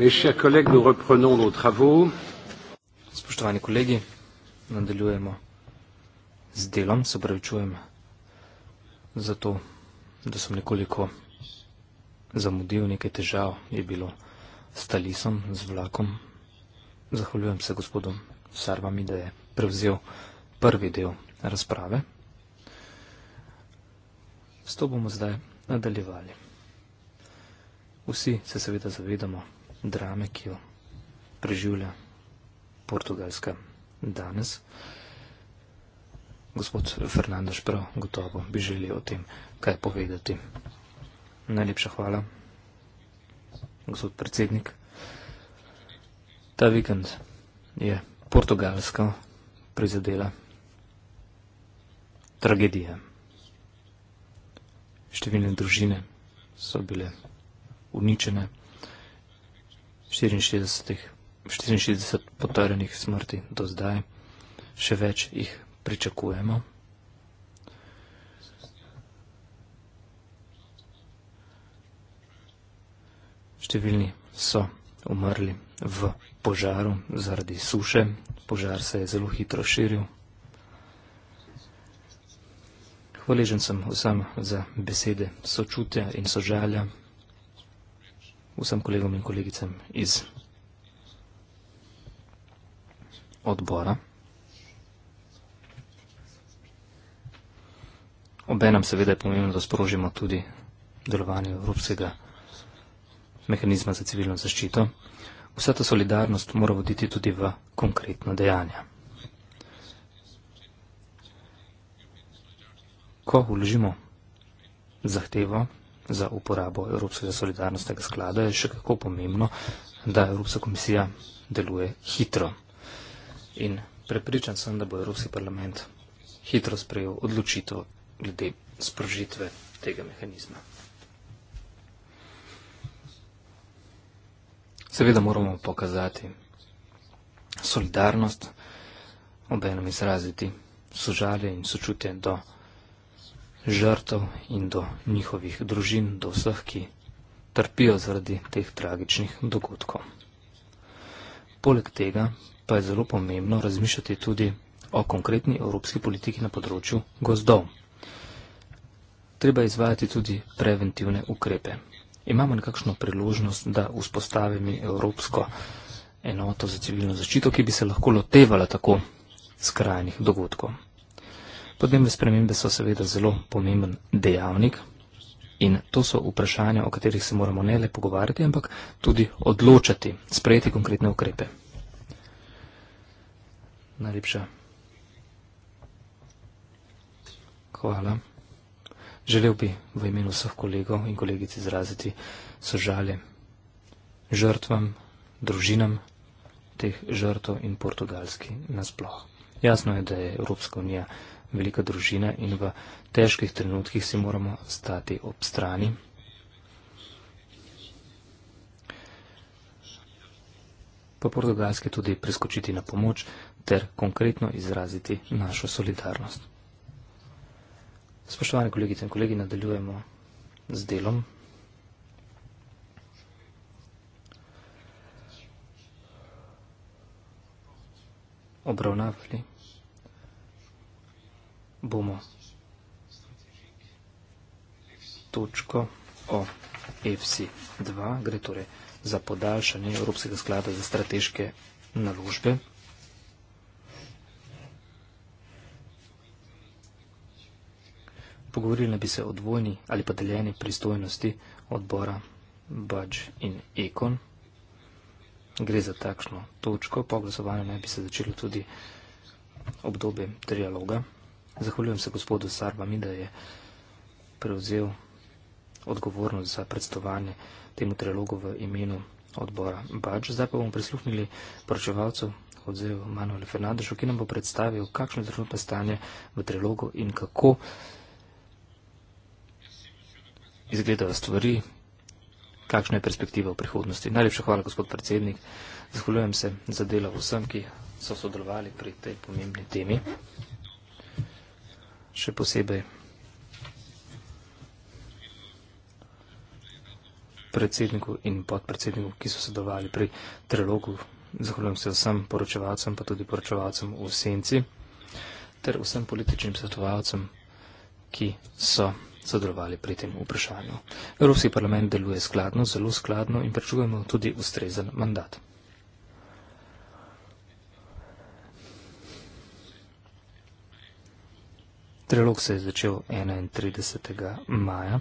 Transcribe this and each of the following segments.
Mes chers collègues, nous reprenons nos travaux. Spoštovani kolegi, nadaljujemo z delom, se pravi, čujem za to, da sem nekoliko zamudil, nekaj težav je bilo s talisom, z vlakom. Zahvaljujem se gospodom Sarvami, da je prevzel prvi del razprave. S to bomo zdaj nadaljevali. Vsi se seveda zavedamo, drame, ki jo preživlja Portugalska danes. Gospod Fernandoš prav gotovo bi želel o tem kaj povedati. Najlepša hvala, gospod predsednik. Ta vikend je Portugalsko prizadela tragedija. Številne družine so bile uničene, 64, 64 potrjenih smrti do zdaj, še več jih pričakujemo. Številni so umrli v požaru zaradi suše, požar se je zelo hitro širil. Hvaležen sem vsem za besede sočutja in sožalja vsem kolegom in kolegicam iz odbora. Obenem seveda je pomembno, da sprožimo tudi delovanje Evropskega mehanizma za civilno zaščito. Vsa ta solidarnost mora voditi tudi v konkretno dejanje. Ko vložimo zahtevo, za uporabo Evropskega solidarnostnega sklada, je še kako pomembno, da Evropska komisija deluje hitro. In prepričan sem, da bo Evropski parlament hitro sprejel odločitev glede sprožitve tega mehanizma. Seveda moramo pokazati solidarnost, obenem izraziti sožalje in sočutje do žrtev in do njihovih družin, do vseh, ki trpijo zaradi teh tragičnih dogodkov. Poleg tega pa je zelo pomembno razmišljati tudi o konkretni evropski politiki na področju gozdov. Treba izvajati tudi preventivne ukrepe. Imamo nekakšno priložnost, da vzpostavimo evropsko enoto za civilno zaščito, ki bi se lahko lotevala tako skrajnih dogodkov. Podnebne spremembe so seveda zelo pomemben dejavnik in to so vprašanja, o katerih se moramo ne le pogovarjati, ampak tudi odločati, sprejeti konkretne ukrepe. Najlepša. Hvala. Želel bi v imenu vseh kolegov in kolegic izraziti sožalje žrtvam, družinam teh žrtov in portugalski nasploh. Jasno je, da je Evropska unija velika družina in v težkih trenutkih si moramo stati ob strani. Pa portugalski tudi preskočiti na pomoč ter konkretno izraziti našo solidarnost. Spoštovane kolegice in kolegi, nadaljujemo z delom. Obravnavali bomo točko o EFSI 2, gre torej za podaljšanje Evropskega sklada za strateške naložbe. Pogovorili bi se o dvojni ali pa deljeni pristojnosti odbora Budge in Econ. Gre za takšno točko, po glasovanju naj bi se začelo tudi obdobje trialoga. Zahvaljujem se gospodu Sarbami, da je prevzel odgovornost za predstavljanje temu trilogu v imenu odbora Bač. Zdaj pa bomo prisluhnili poročevalcu odzev Manuel Fernandešu, ki nam bo predstavil, kakšno je trenutno stanje v trilogu in kako izgledajo stvari, kakšna je perspektiva v prihodnosti. Najlepša hvala, gospod predsednik. Zahvaljujem se za delo vsem, ki so sodelovali pri tej pomembni temi. Uh -huh še posebej predsedniku in podpredsedniku, ki so sodelovali pri trilogu. Zahvaljujem se vsem poročevalcem, pa tudi poročevalcem v senci, ter vsem političnim svetovalcem, ki so sodelovali pri tem vprašanju. Evropski parlament deluje skladno, zelo skladno in pričujemo tudi ustrezen mandat. Trilog se je začel 31. maja.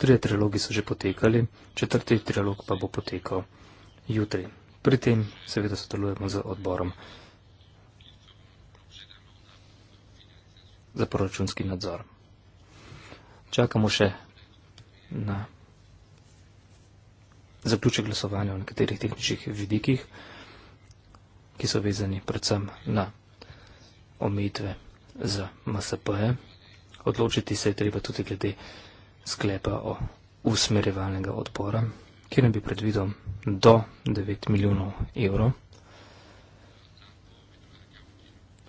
Trije trilogi so že potekali, četrti trilog pa bo potekal jutri. Pri tem seveda sodelujemo z odborom za proračunski nadzor. Čakamo še na zaključek glasovanja v nekaterih tehničnih vidikih, ki so vezani predvsem na omejitve za MSP-je. Odločiti se je treba tudi glede sklepa o usmerjevalnega odpora, ki ne bi predvidel do 9 milijonov evrov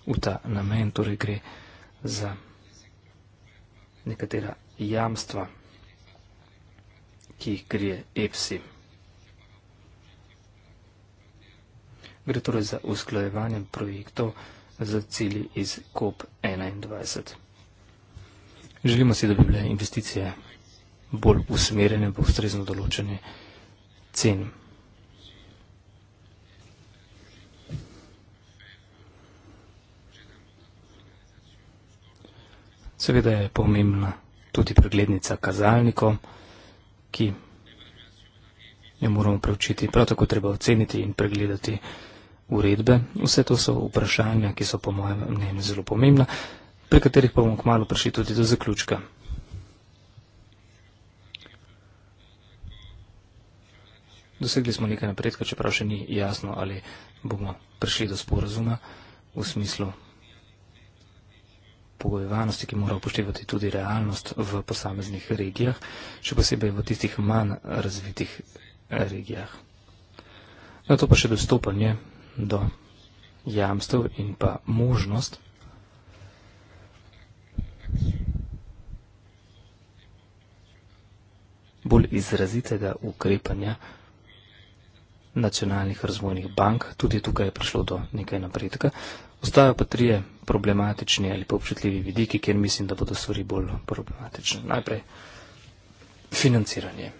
v ta namen, torej gre za nekatera jamstva, ki jih krije EPSI. gre torej za usklajevanje projektov za cilji iz COP21. Želimo si, da bi bile investicije bolj usmerjene, bolj ustrezno določene cen. Seveda je pomembna tudi preglednica kazalnikov, ki jo moramo preučiti. Prav tako treba oceniti in pregledati vse uredbe. Vse to so vprašanja, ki so po mojem mnenju zelo pomembna, pri katerih pa bomo kmalo prišli tudi do zaključka. Dosegli smo nekaj napredka, čeprav še ni jasno, ali bomo prišli do sporazuma v smislu pogojevanosti, ki mora upoštevati tudi realnost v posameznih regijah, še posebej v tistih manj razvitih regijah. Na to pa še dostopanje do jamstv in pa možnost, bolj izrazitega ukrepanja nacionalnih razvojnih bank. Tudi tukaj je prišlo do nekaj napredka. Ostajo pa trije problematični ali pa občutljivi vidiki, kjer mislim, da bodo stvari bolj problematične. Najprej financiranje.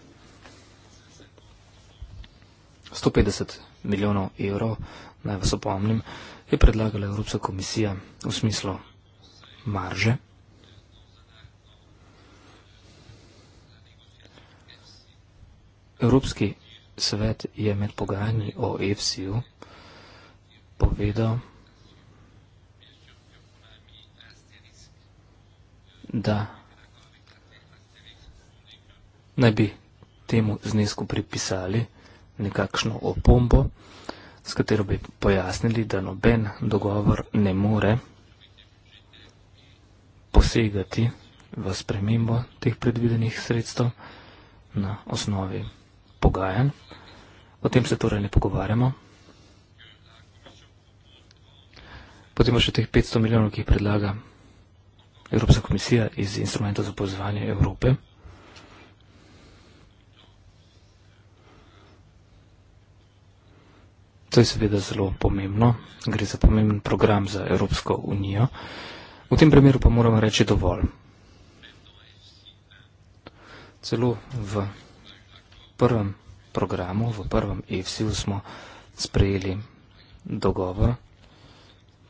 150 milijonov evrov, naj vas opomnim, je predlagala Evropska komisija v smislu marže. Evropski svet je med pogajanji o EFSI-ju povedal, da naj bi temu znesku pripisali 0,5 nekakšno opombo, s katero bi pojasnili, da noben dogovor ne more posegati v spremembo teh predvidenih sredstev na osnovi pogajanj. O tem se torej ne pogovarjamo. Potem še teh 500 milijonov, ki jih predlaga Evropska komisija iz instrumenta za pozvanje Evrope. To je seveda zelo pomembno, gre za pomemben program za Evropsko unijo. V tem primeru pa moramo reči dovolj. Celo v prvem programu, v prvem EFSI-u smo sprejeli dogovor,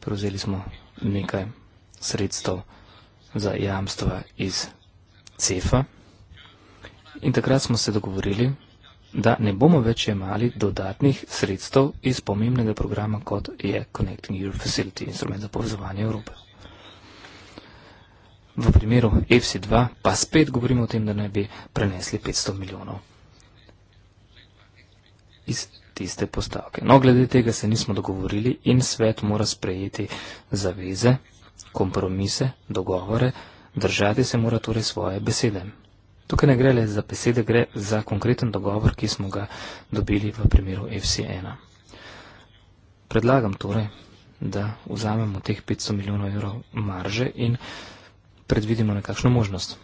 prevzeli smo nekaj sredstev za jamstva iz CEFA in takrat smo se dogovorili, da ne bomo več imali dodatnih sredstev iz pomembnega programa, kot je Connecting Europe Facility, instrument za povezovanje Evrope. V primeru FC2 pa spet govorimo o tem, da naj bi prenesli 500 milijonov iz tiste postavke. No, glede tega se nismo dogovorili in svet mora sprejeti zaveze, kompromise, dogovore, držati se mora torej svoje besede. Tukaj ne gre le za besede, gre za konkreten dogovor, ki smo ga dobili v primeru FC1. Predlagam torej, da vzamemo teh 500 milijonov evrov marže in predvidimo nekakšno možnost.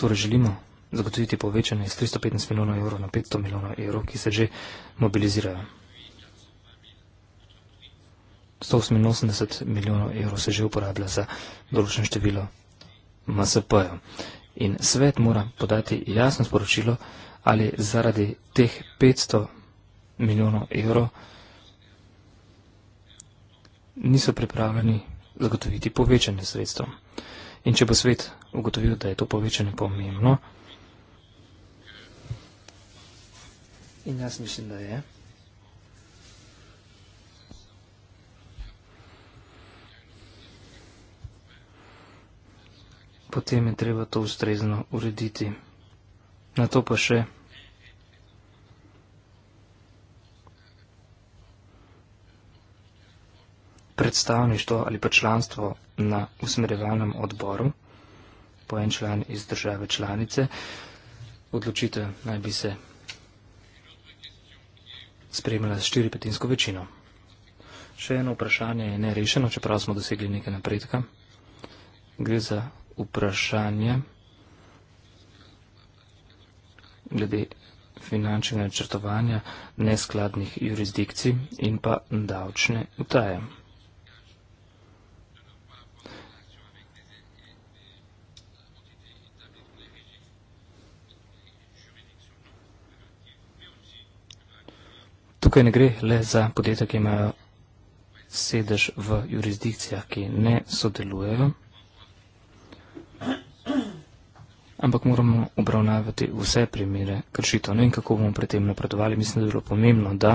Torej želimo zagotoviti povečanje iz 315 milijonov evrov na 500 milijonov evrov, ki se že mobilizirajo. 188 milijonov evrov se že uporablja za določeno število MSP-jev. In svet mora podati jasno sporočilo, ali zaradi teh 500 milijonov evrov niso pripravljeni zagotoviti povečanje sredstva. In če bo svet ugotovil, da je to povečanje pomembno, in jaz mislim, da je. potem je treba to ustrezno urediti. Na to pa še. Predstavništvo ali pa članstvo na usmerjevalnem odboru, po en član iz države članice, odločitev naj bi se spremljala s štiripetinsko večino. Še eno vprašanje je nerešeno, čeprav smo dosegli nekaj napredka. Gre za vprašanje glede finančnega načrtovanja neskladnih jurisdikcij in pa davčne utaje. Tukaj ne gre le za podjetja, ki imajo sedež v jurisdikcijah, ki ne sodelujejo. Ampak moramo obravnavati vse primere kršitev. Ne vem, kako bomo pri tem napredovali. Mislim, da je bilo pomembno, da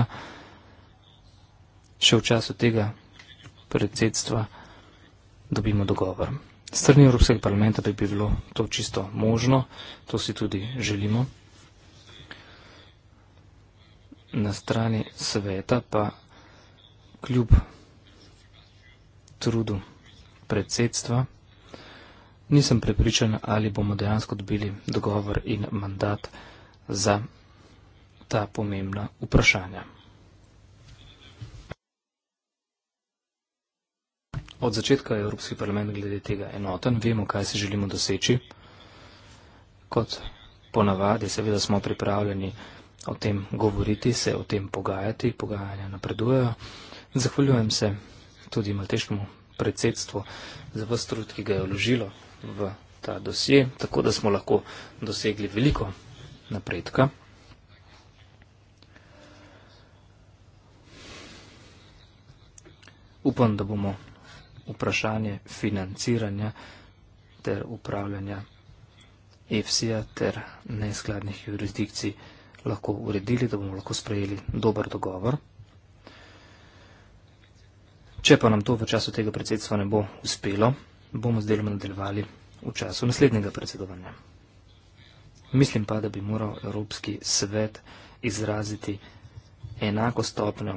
še v času tega predsedstva dobimo dogovor. Strani Evropskega parlamenta bi bilo to čisto možno, to si tudi želimo. Na strani sveta pa kljub trudu predsedstva nisem prepričan, ali bomo dejansko dobili dogovor in mandat za ta pomembna vprašanja. Od začetka je Evropski parlament glede tega enoten, vemo, kaj si želimo doseči. Kot ponavadi, seveda smo pripravljeni o tem govoriti, se o tem pogajati, pogajanja napredujejo. Zahvaljujem se tudi maltešnemu predsedstvu za vse trud, ki ga je vložilo v ta dosje, tako da smo lahko dosegli veliko napredka. Upam, da bomo vprašanje financiranja ter upravljanja EFSI-ja ter neskladnih jurisdikcij lahko uredili, da bomo lahko sprejeli dober dogovor. Če pa nam to v času tega predsedstva ne bo uspelo, bomo z delom nadaljevali v času naslednjega predsedovanja. Mislim pa, da bi moral Evropski svet izraziti enako stopnjo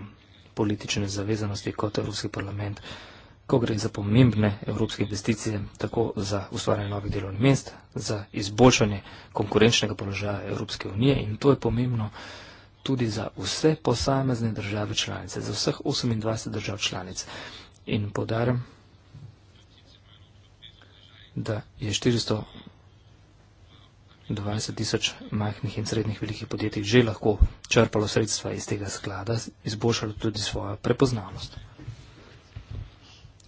politične zavezanosti kot Evropski parlament, ko gre za pomembne evropske investicije, tako za ustvarjanje novih delovnih mest, za izboljšanje konkurenčnega položaja Evropske unije in to je pomembno tudi za vse posamezne države članice, za vseh 28 držav članic. In podarjam, da je 420 tisoč majhnih in srednjih velikih podjetij že lahko črpalo sredstva iz tega sklada, izboljšalo tudi svojo prepoznavnost.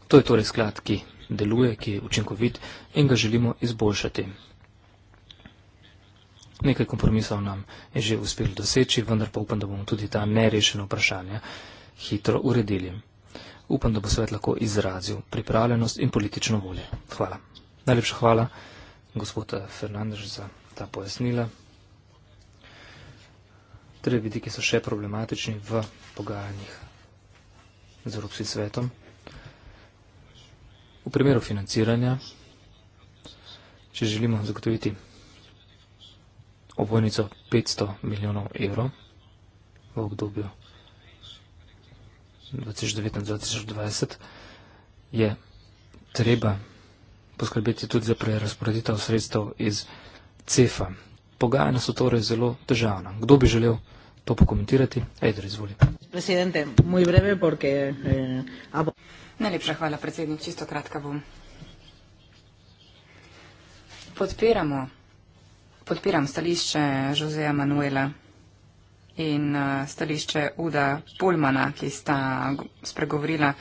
To je torej sklad, ki deluje, ki je učinkovit in ga želimo izboljšati. Nekaj kompromisov nam je že uspelo doseči, vendar pa upam, da bomo tudi ta nerešena vprašanja hitro uredili. Upam, da bo svet lahko izrazil pripravljenost in politično voljo. Hvala. Najlepša hvala, gospod Fernandež, za ta pojasnila. Tri vidiki so še problematični v pogajanjih z Evropskim svetom. V primeru financiranja, če želimo zagotoviti obvojnico 500 milijonov evrov v obdobju 2019-2020, je treba poskrbeti tudi za prerasporeditev sredstev iz CEFA. Pogajanja so torej zelo težavna. Kdo bi želel to pokomentirati? Ejder, izvoli. Eh, Najlepša hvala, predsednik. Čisto kratka bom. Podpiramo, podpiram stališče Joseja Manuela in eh, stališče Uda Pulmana, ki sta spregovorila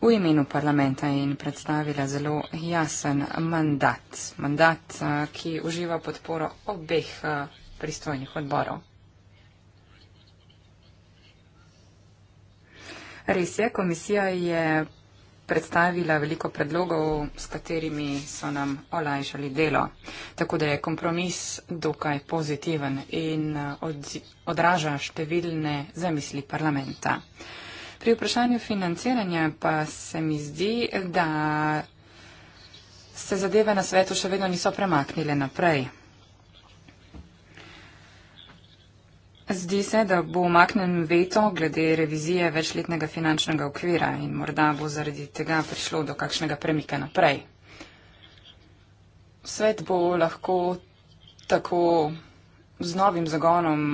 v imenu parlamenta in predstavila zelo jasen mandat, mandat, eh, ki uživa podporo obeh eh, pristojnih odborov. Res je, komisija je predstavila veliko predlogov, s katerimi so nam olajšali delo. Tako da je kompromis dokaj pozitiven in eh, odraža številne zamisli parlamenta. Pri vprašanju financiranja pa se mi zdi, da se zadeve na svetu še vedno niso premaknile naprej. Zdi se, da bo umaknen veto glede revizije večletnega finančnega okvira in morda bo zaradi tega prišlo do kakšnega premika naprej. Svet bo lahko tako z novim zagonom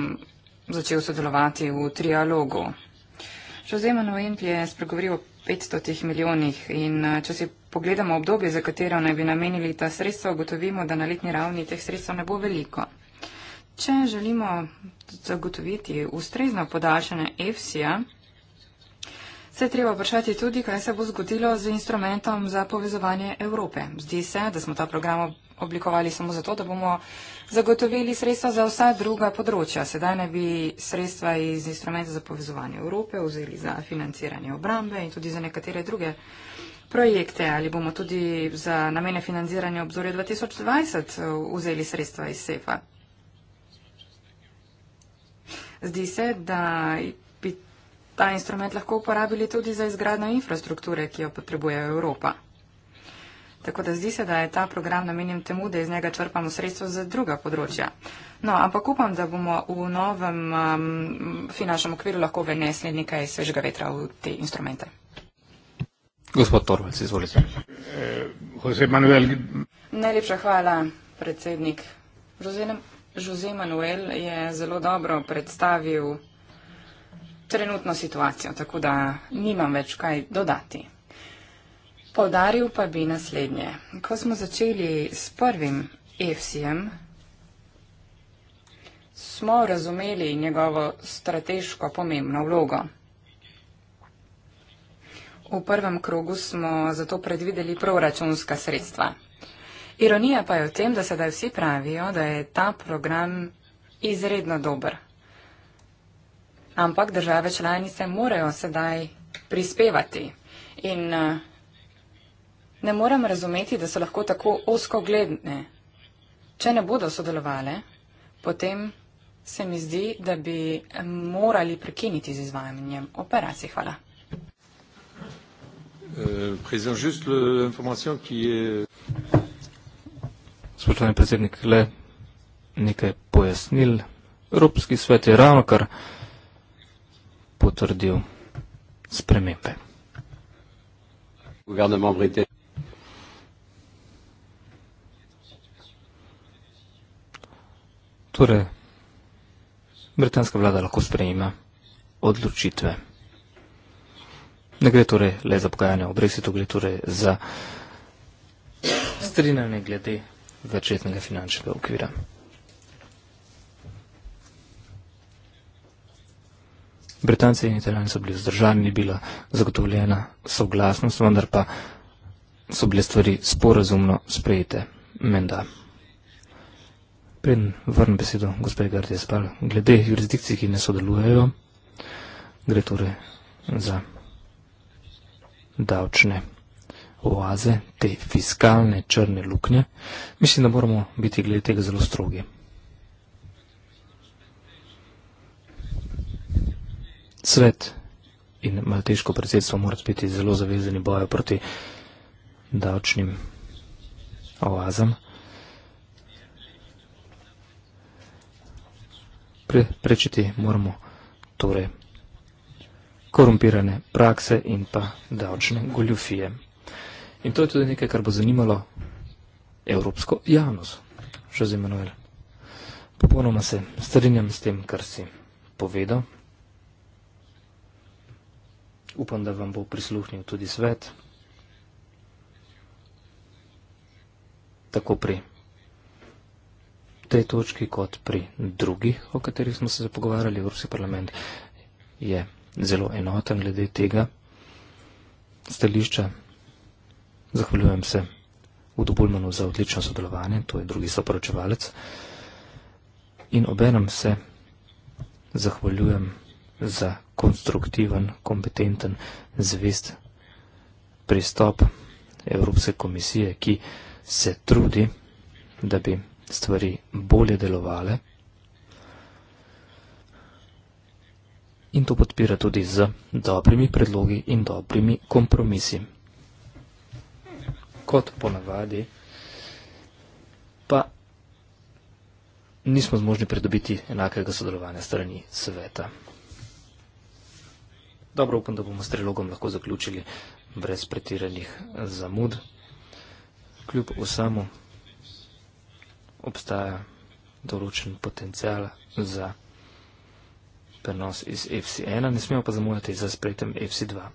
začel sodelovati v trialogu. Jose Manuel je spregovoril o 500 milijonih in eh, če si pogledamo obdobje, za katero naj bi namenili ta sredstva, ugotovimo, da na letni ravni teh sredstev ne bo veliko. Če želimo zagotoviti ustrezno podaljšanje EFSI-ja, se je treba vprašati tudi, kaj se bo zgodilo z instrumentom za povezovanje Evrope. Zdi se, da smo ta program oblikovali samo zato, da bomo zagotovili sredstva za vsa druga področja. Sedaj ne bi sredstva iz instrumenta za povezovanje Evrope vzeli za financiranje obrambe in tudi za nekatere druge projekte. Ali bomo tudi za namene financiranja obzorja 2020 eh, vzeli sredstva iz SEFA? Zdi se, da Ta instrument lahko uporabili tudi za izgradno infrastrukture, ki jo potrebuje Evropa. Tako da zdi se, da je ta program namenjen temu, da iz njega črpamo sredstvo za druga področja. No, ampak upam, da bomo v novem um, finančnem okviru lahko venesli nekaj svežega vetra v te instrumente. Gospod Torvalc, izvolite. Eh, Jose Manuel. Najlepša hvala, predsednik. Jose Manuel je zelo dobro predstavil trenutno situacijo, tako da nimam več kaj dodati. Povdaril pa bi naslednje. Ko smo začeli s prvim EFSI-jem, smo razumeli njegovo strateško pomembno vlogo. V prvem krogu smo zato predvideli proračunska sredstva. Ironija pa je v tem, da sedaj vsi pravijo, da je ta program izredno dober ampak države članice morajo sedaj prispevati. In eh, ne morem razumeti, da so lahko tako oskogledne. Če ne bodo sodelovale, potem se mi zdi, da bi morali prekiniti z izvajanjem operacij. Hvala. Eh, Spoštovani predsednik, le nekaj pojasnil. Evropski svet je ravno kar potrdil spremembe. Torej, britanska vlada lahko sprejema odločitve. Ne gre torej le za pogajanje o brexitu, gre torej za strinjanje glede začetnega finančnega okvira. Britanci in Italijani so bili vzdržani, ni bila zagotovljena soglasnost, vendar pa so bile stvari sporazumno sprejete. Menda. Preden vrnem besedo gospodi Gardje Spal, glede jurisdikcij, ki ne sodelujejo, gre torej za davčne oaze, te fiskalne črne luknje. Mislim, da moramo biti glede tega zelo strogi. svet in malteško predsedstvo morate biti zelo zavezani boju proti davčnim oazam. Pre, prečiti moramo torej korumpirane prakse in pa davčne goljufije. In to je tudi nekaj, kar bo zanimalo evropsko javnost. Še z Emanuel. Popolnoma se strinjam s tem, kar si povedal upam, da vam bo prisluhnil tudi svet. Tako pri tej točki, kot pri drugih, o katerih smo se zapogovarjali, Evropski parlament je zelo enoten glede tega stališča. Zahvaljujem se Udo Bulmanu za odlično sodelovanje, to je drugi soporočevalec. In obenem se zahvaljujem za konstruktiven, kompetenten, zvest pristop Evropske komisije, ki se trudi, da bi stvari bolje delovale in to podpira tudi z dobrimi predlogi in dobrimi kompromisi. Kot ponavadi, pa nismo zmožni predobiti enakega sodelovanja strani sveta. Dobro, upam, da bomo s trilogom lahko zaključili brez pretiranih zamud. Kljub vsemu obstaja določen potencial za prenos iz FC1, ne smemo pa zamujati za spletem FC2.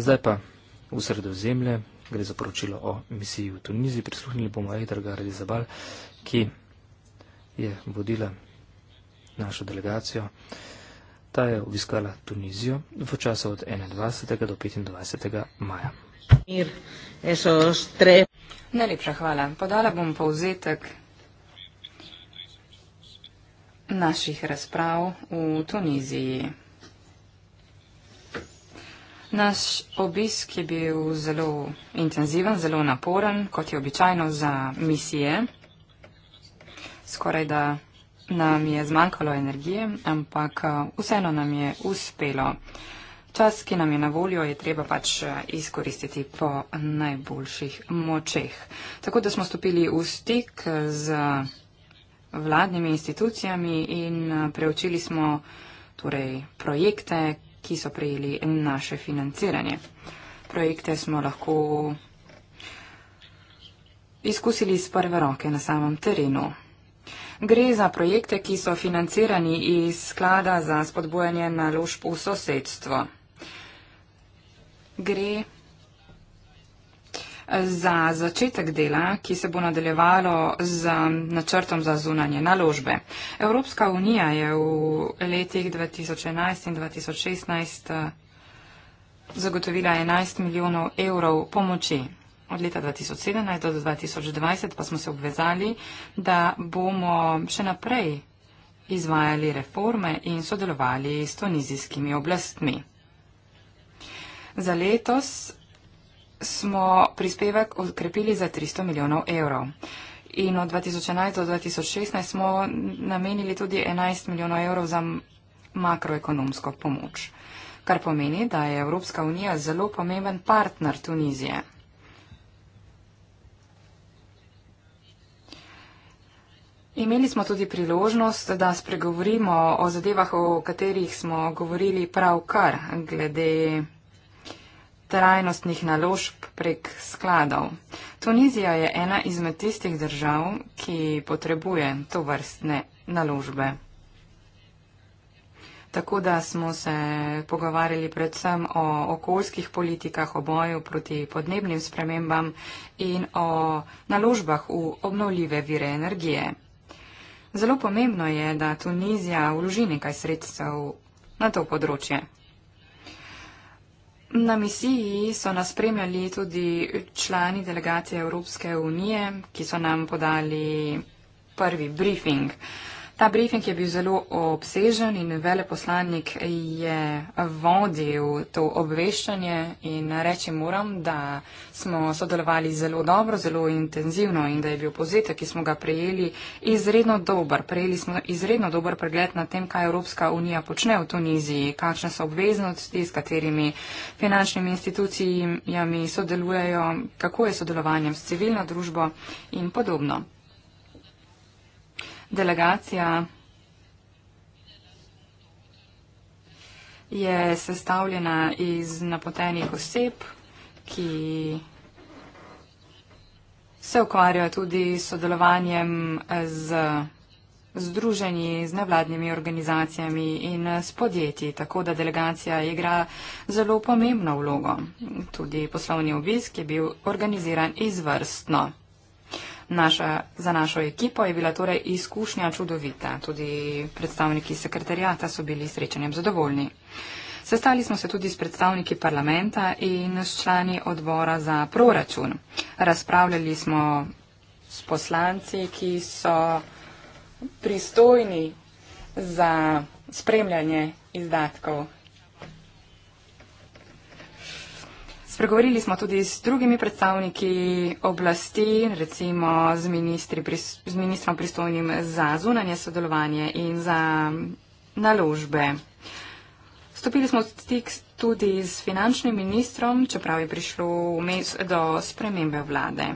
Zdaj pa v sredozemlje gre za poročilo o misiji v Tuniziji. Prisluhnili bomo Eidar Garadi Zabal, ki je vodila našo delegacijo. Ta je obiskala Tunizijo v času od 21. do 25. maja. Mir, Najlepša hvala. Podala bom povzetek naših razprav v Tuniziji. Naš obisk je bil zelo intenziven, zelo naporen, kot je običajno za misije. Skoraj da nam je zmanjkalo energije, ampak eh, vseeno nam je uspelo. Čas, ki nam je na voljo, je treba pač eh, izkoristiti po najboljših močeh. Tako da smo stopili v stik eh, z vladnimi institucijami in preučili smo torej, projekte, ki so prejeli naše financiranje. Projekte smo lahko izkusili iz prve roke na samem terenu. Gre za projekte, ki so financirani iz sklada za spodbojanje naložb v sosedstvo. Gre za začetek dela, ki se bo nadaljevalo z načrtom za zunanje naložbe. Evropska unija je v letih 2011 in 2016 eh, zagotovila 11 milijonov evrov pomoči od leta 2017 do 2020 pa smo se obvezali, da bomo še naprej izvajali reforme in sodelovali s tunizijskimi oblastmi. Za letos smo prispevek okrepili za 300 milijonov evrov. In od 2011 do 2016 smo namenili tudi 11 milijonov evrov za makroekonomsko pomoč, kar pomeni, da je Evropska unija zelo pomemben partner Tunizije. Imeli smo tudi priložnost, da spregovorimo o zadevah, o katerih smo govorili pravkar, glede trajnostnih naložb prek skladov. Tunizija je ena izmed tistih držav, ki potrebuje to vrstne naložbe. Tako da smo se pogovarjali predvsem o okoljskih politikah, o boju proti podnebnim spremembam in o naložbah v obnovljive vire energije. Zelo pomembno je, da Tunizija vloži nekaj sredstev na to področje. Na misiji so nas spremljali tudi člani delegacije Evropske unije, ki so nam podali prvi briefing. Uh, Ta briefing je bil zelo obsežen in veleposlanik je vodil to obveščanje in reči moram, da smo sodelovali zelo dobro, zelo intenzivno in da je bil pozitek, ki smo ga prejeli, izredno dober. Prejeli smo izredno dober pregled na tem, kaj Evropska unija počne v Tuniziji, kakšne so obveznosti, s katerimi finančnimi institucijami sodelujejo, kako je sodelovanjem s civilno družbo in podobno delegacija je sestavljena iz napotenih oseb, ki se ukvarjajo tudi s sodelovanjem z združeni z nevladnimi organizacijami in s podjetji, tako da delegacija igra zelo pomembno vlogo. Tudi poslovni obisk je bil organiziran izvrstno naša, za našo ekipo je bila torej izkušnja čudovita. Tudi predstavniki sekretarijata so bili srečanjem zadovoljni. Sestali smo se tudi s predstavniki parlamenta in s člani odbora za proračun. Razpravljali smo s poslanci, ki so pristojni za spremljanje izdatkov Spregovorili smo tudi z drugimi predstavniki oblasti, recimo z, pri, z ministrom pristojnim za zunanje sodelovanje in za naložbe. Stopili smo v stik tudi z finančnim ministrom, čeprav je prišlo mes, do spremembe vlade.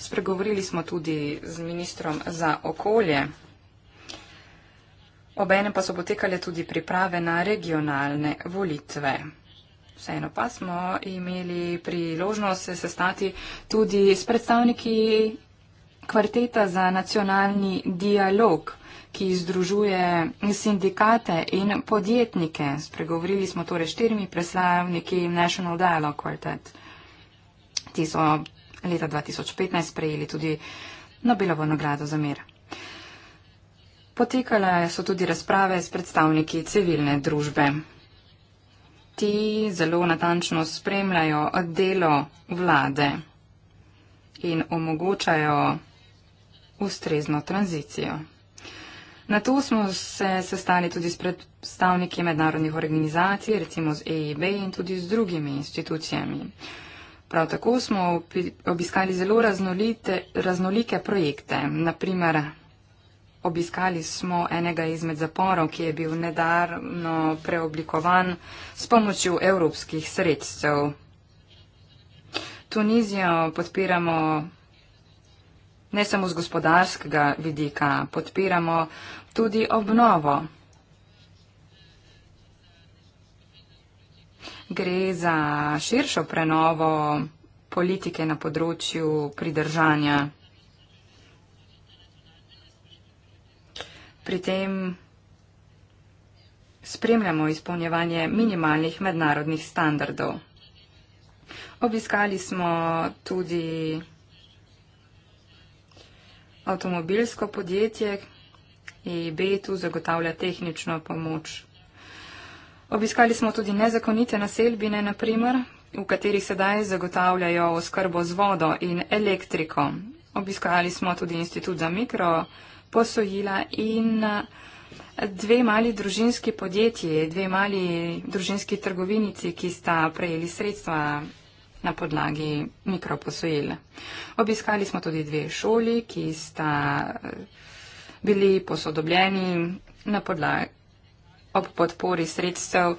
Spregovorili smo tudi z ministrom za okolje. Obenem pa so potekale tudi priprave na regionalne volitve. Vseeno pa smo imeli priložnost se sestati tudi s predstavniki kvarteta za nacionalni dialog, ki združuje sindikate in podjetnike. Spregovorili smo torej štirimi predstavniki National Dialogue Quartet. Ti so leta 2015 prejeli tudi Nobelovo nagrado za mir. Potekale so tudi razprave s predstavniki civilne družbe ti zelo natančno spremljajo delo vlade in omogočajo ustrezno tranzicijo. Na to smo se sestali tudi s predstavniki mednarodnih organizacij, recimo z EIB in tudi z drugimi institucijami. Prav tako smo obiskali zelo raznolite, raznolike projekte, naprimer Obiskali smo enega izmed zaporov, ki je bil nedarno preoblikovan s pomočjo evropskih sredstev. Tunizijo podpiramo ne samo z gospodarskega vidika, podpiramo tudi obnovo. Gre za širšo prenovo politike na področju pridržanja. pri tem spremljamo izpolnjevanje minimalnih mednarodnih standardov. Obiskali smo tudi avtomobilsko podjetje, ki bi tu zagotavlja tehnično pomoč. Obiskali smo tudi nezakonite naselbine, naprimer, v katerih sedaj zagotavljajo oskrbo z vodo in elektriko. Obiskali smo tudi Institut za mikro posojila in eh, dve mali družinski podjetji, dve mali družinski trgovinici, ki sta prejeli sredstva na podlagi mikroposojil. Obiskali smo tudi dve šoli, ki sta eh, bili posodobljeni na podlagi ob podpori sredstev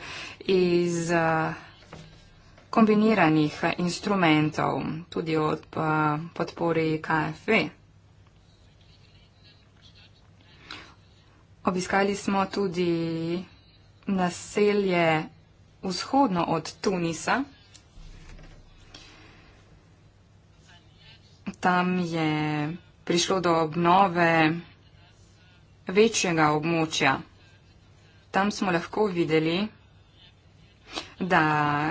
iz eh, kombiniranih instrumentov, tudi od podpori KFV. E. Obiskali smo tudi naselje vzhodno od Tunisa. Tam je prišlo do obnove večjega območja. Tam smo lahko videli, da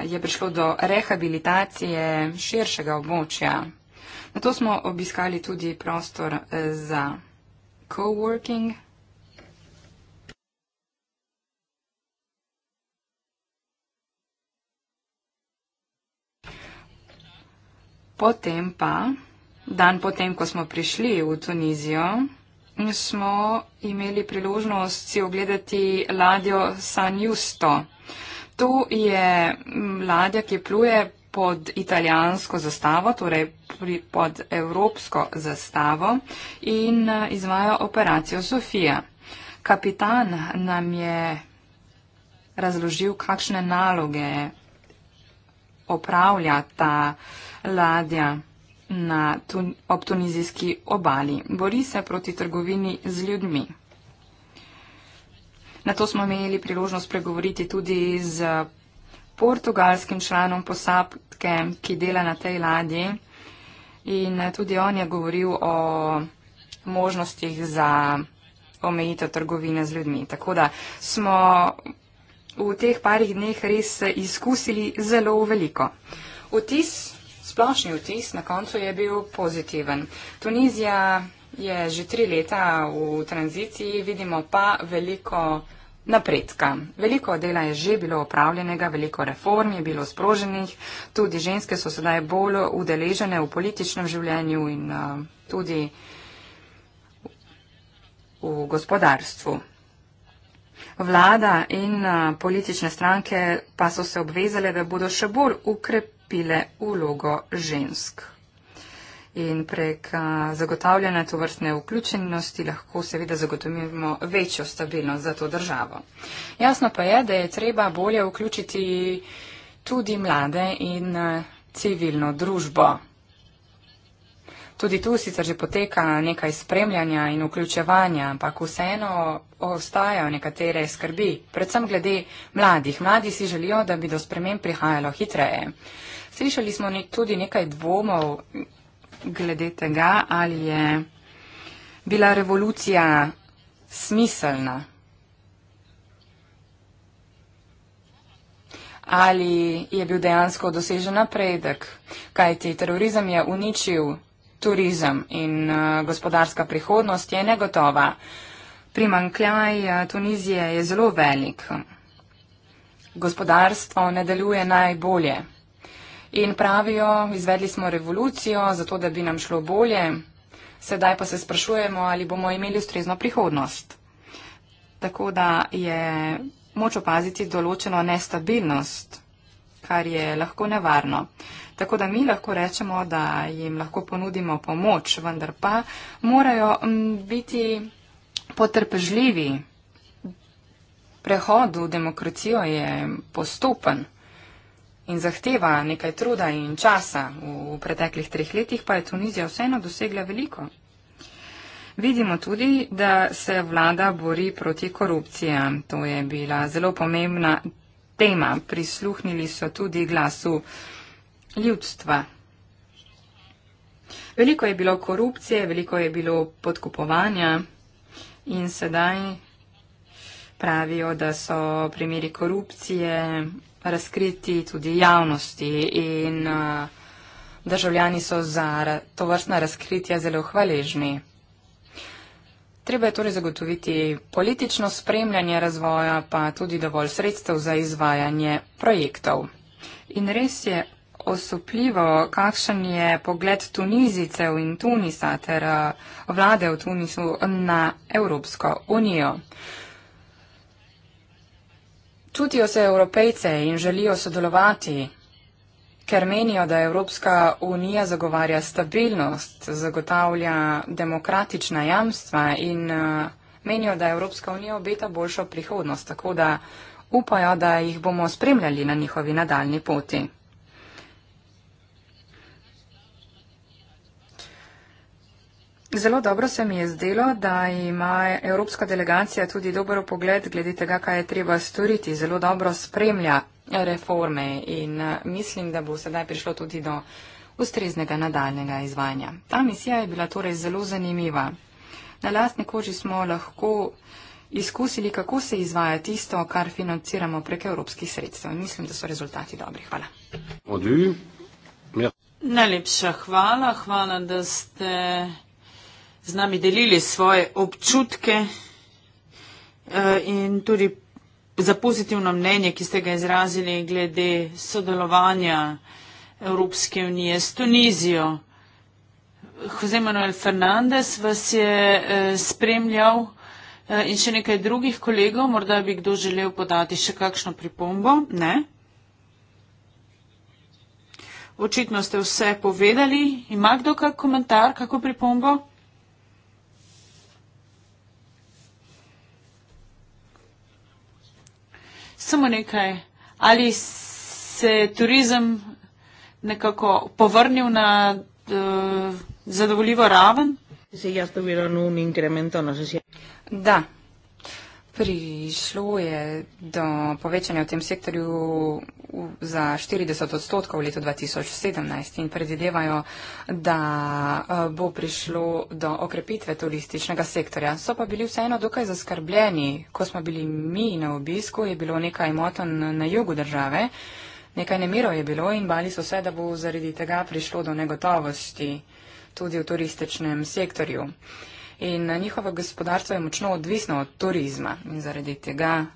je prišlo do rehabilitacije širšega območja. Na to smo obiskali tudi prostor za coworking. working Potem pa, dan potem, ko smo prišli v Tunizijo, smo imeli priložnost si ogledati ladjo San Justo. To je mm, ladja, ki pluje pod italijansko zastavo, torej pri, pod evropsko zastavo in eh, izvaja operacijo Sofija. Kapitan nam je razložil, kakšne naloge opravlja ta ladja na, ob tunizijski obali. Bori se proti trgovini z ljudmi. Na to smo imeli priložnost pregovoriti tudi z portugalskim članom posadke, ki dela na tej ladji. In tudi on je govoril o možnostih za omejitev trgovine z ljudmi. Tako da smo v teh parih dneh res izkusili zelo veliko. Vtis, splošni vtis na koncu je bil pozitiven. Tunizija je že tri leta v tranziciji, vidimo pa veliko napredka. Veliko dela je že bilo opravljenega, veliko reform je bilo sproženih, tudi ženske so sedaj bolj udeležene v političnem življenju in uh, tudi v gospodarstvu. Vlada in politične stranke pa so se obvezale, da bodo še bolj ukrepile vlogo žensk. In prek zagotavljanja to vrstne vključenosti lahko seveda zagotovimo večjo stabilnost za to državo. Jasno pa je, da je treba bolje vključiti tudi mlade in civilno družbo. Tudi tu sicer že poteka nekaj spremljanja in vključevanja, ampak vseeno ostajajo nekatere skrbi, predvsem glede mladih. Mladi si želijo, da bi do spremem prihajalo hitreje. Slišali smo tudi nekaj dvomov glede tega, ali je bila revolucija smiselna. Ali je bil dejansko dosežen napredek, kajti terorizem je uničil turizem in uh, gospodarska prihodnost je negotova. Primankljaj eh, Tunizije je zelo velik. Gospodarstvo ne deluje najbolje. In pravijo, izvedli smo revolucijo, zato da bi nam šlo bolje. Sedaj pa se sprašujemo, ali bomo imeli ustrezno prihodnost. Tako da je moč opaziti določeno nestabilnost kar je lahko nevarno. Tako da mi lahko rečemo, da jim lahko ponudimo pomoč, vendar pa morajo biti potrpežljivi. Prehod v demokracijo je postopen in zahteva nekaj truda in časa. V preteklih treh letih pa je Tunizija vseeno dosegla veliko. Vidimo tudi, da se vlada bori proti korupcijam. To je bila zelo pomembna sistema. Prisluhnili so tudi glasu ljudstva. Veliko je bilo korupcije, veliko je bilo podkupovanja in sedaj pravijo, da so primeri korupcije razkriti tudi javnosti in uh, državljani so za to vrstna razkritja zelo hvaležni. Treba je torej zagotoviti politično spremljanje razvoja, pa tudi dovolj sredstev za izvajanje projektov. In res je osupljivo, kakšen je pogled Tunizicev in Tunisa ter eh, vlade v Tunisu na Evropsko unijo. Čutijo se evropejce in želijo sodelovati ker menijo, da Evropska unija zagovarja stabilnost, zagotavlja demokratična jamstva in eh, menijo, da Evropska unija obeta boljšo prihodnost, tako da upajo, da jih bomo spremljali na njihovi nadaljni poti. Zelo dobro se mi je zdelo, da ima Evropska delegacija tudi dober pogled glede tega, kaj je treba storiti. Zelo dobro spremlja reforme in eh, mislim, da bo sedaj prišlo tudi do ustreznega nadaljnega izvajanja. Ta misija je bila torej zelo zanimiva. Na lastni koži smo lahko izkusili, kako se izvaja tisto, kar financiramo prek evropskih sredstev. Mislim, da so rezultati dobri. Hvala. Ja. Najlepša hvala. Hvala, da ste z nami delili svoje občutke eh, in tudi za pozitivno mnenje, ki ste ga izrazili glede sodelovanja Evropske unije s Tunizijo. Jose Manuel Fernandez vas je eh, spremljal eh, in še nekaj drugih kolegov. Morda bi kdo želel podati še kakšno pripombo? Ne. Očitno ste vse povedali. Ima kdo kak komentar, kako pripombo? samo nekaj, ali se je turizem nekako povrnil na uh, zadovoljivo raven? Um no, da, prišlo je do povečanja v tem sektorju za 40 odstotkov v letu 2017 in predvidevajo, da eh, bo prišlo do okrepitve turističnega sektorja. So pa bili vseeno dokaj zaskrbljeni. Ko smo bili mi na obisku, je bilo nekaj moten na jugu države, nekaj nemirov je bilo in bali so se, da bo zaradi tega prišlo do negotovosti tudi v turističnem sektorju in njihovo gospodarstvo je močno odvisno od turizma in zaradi tega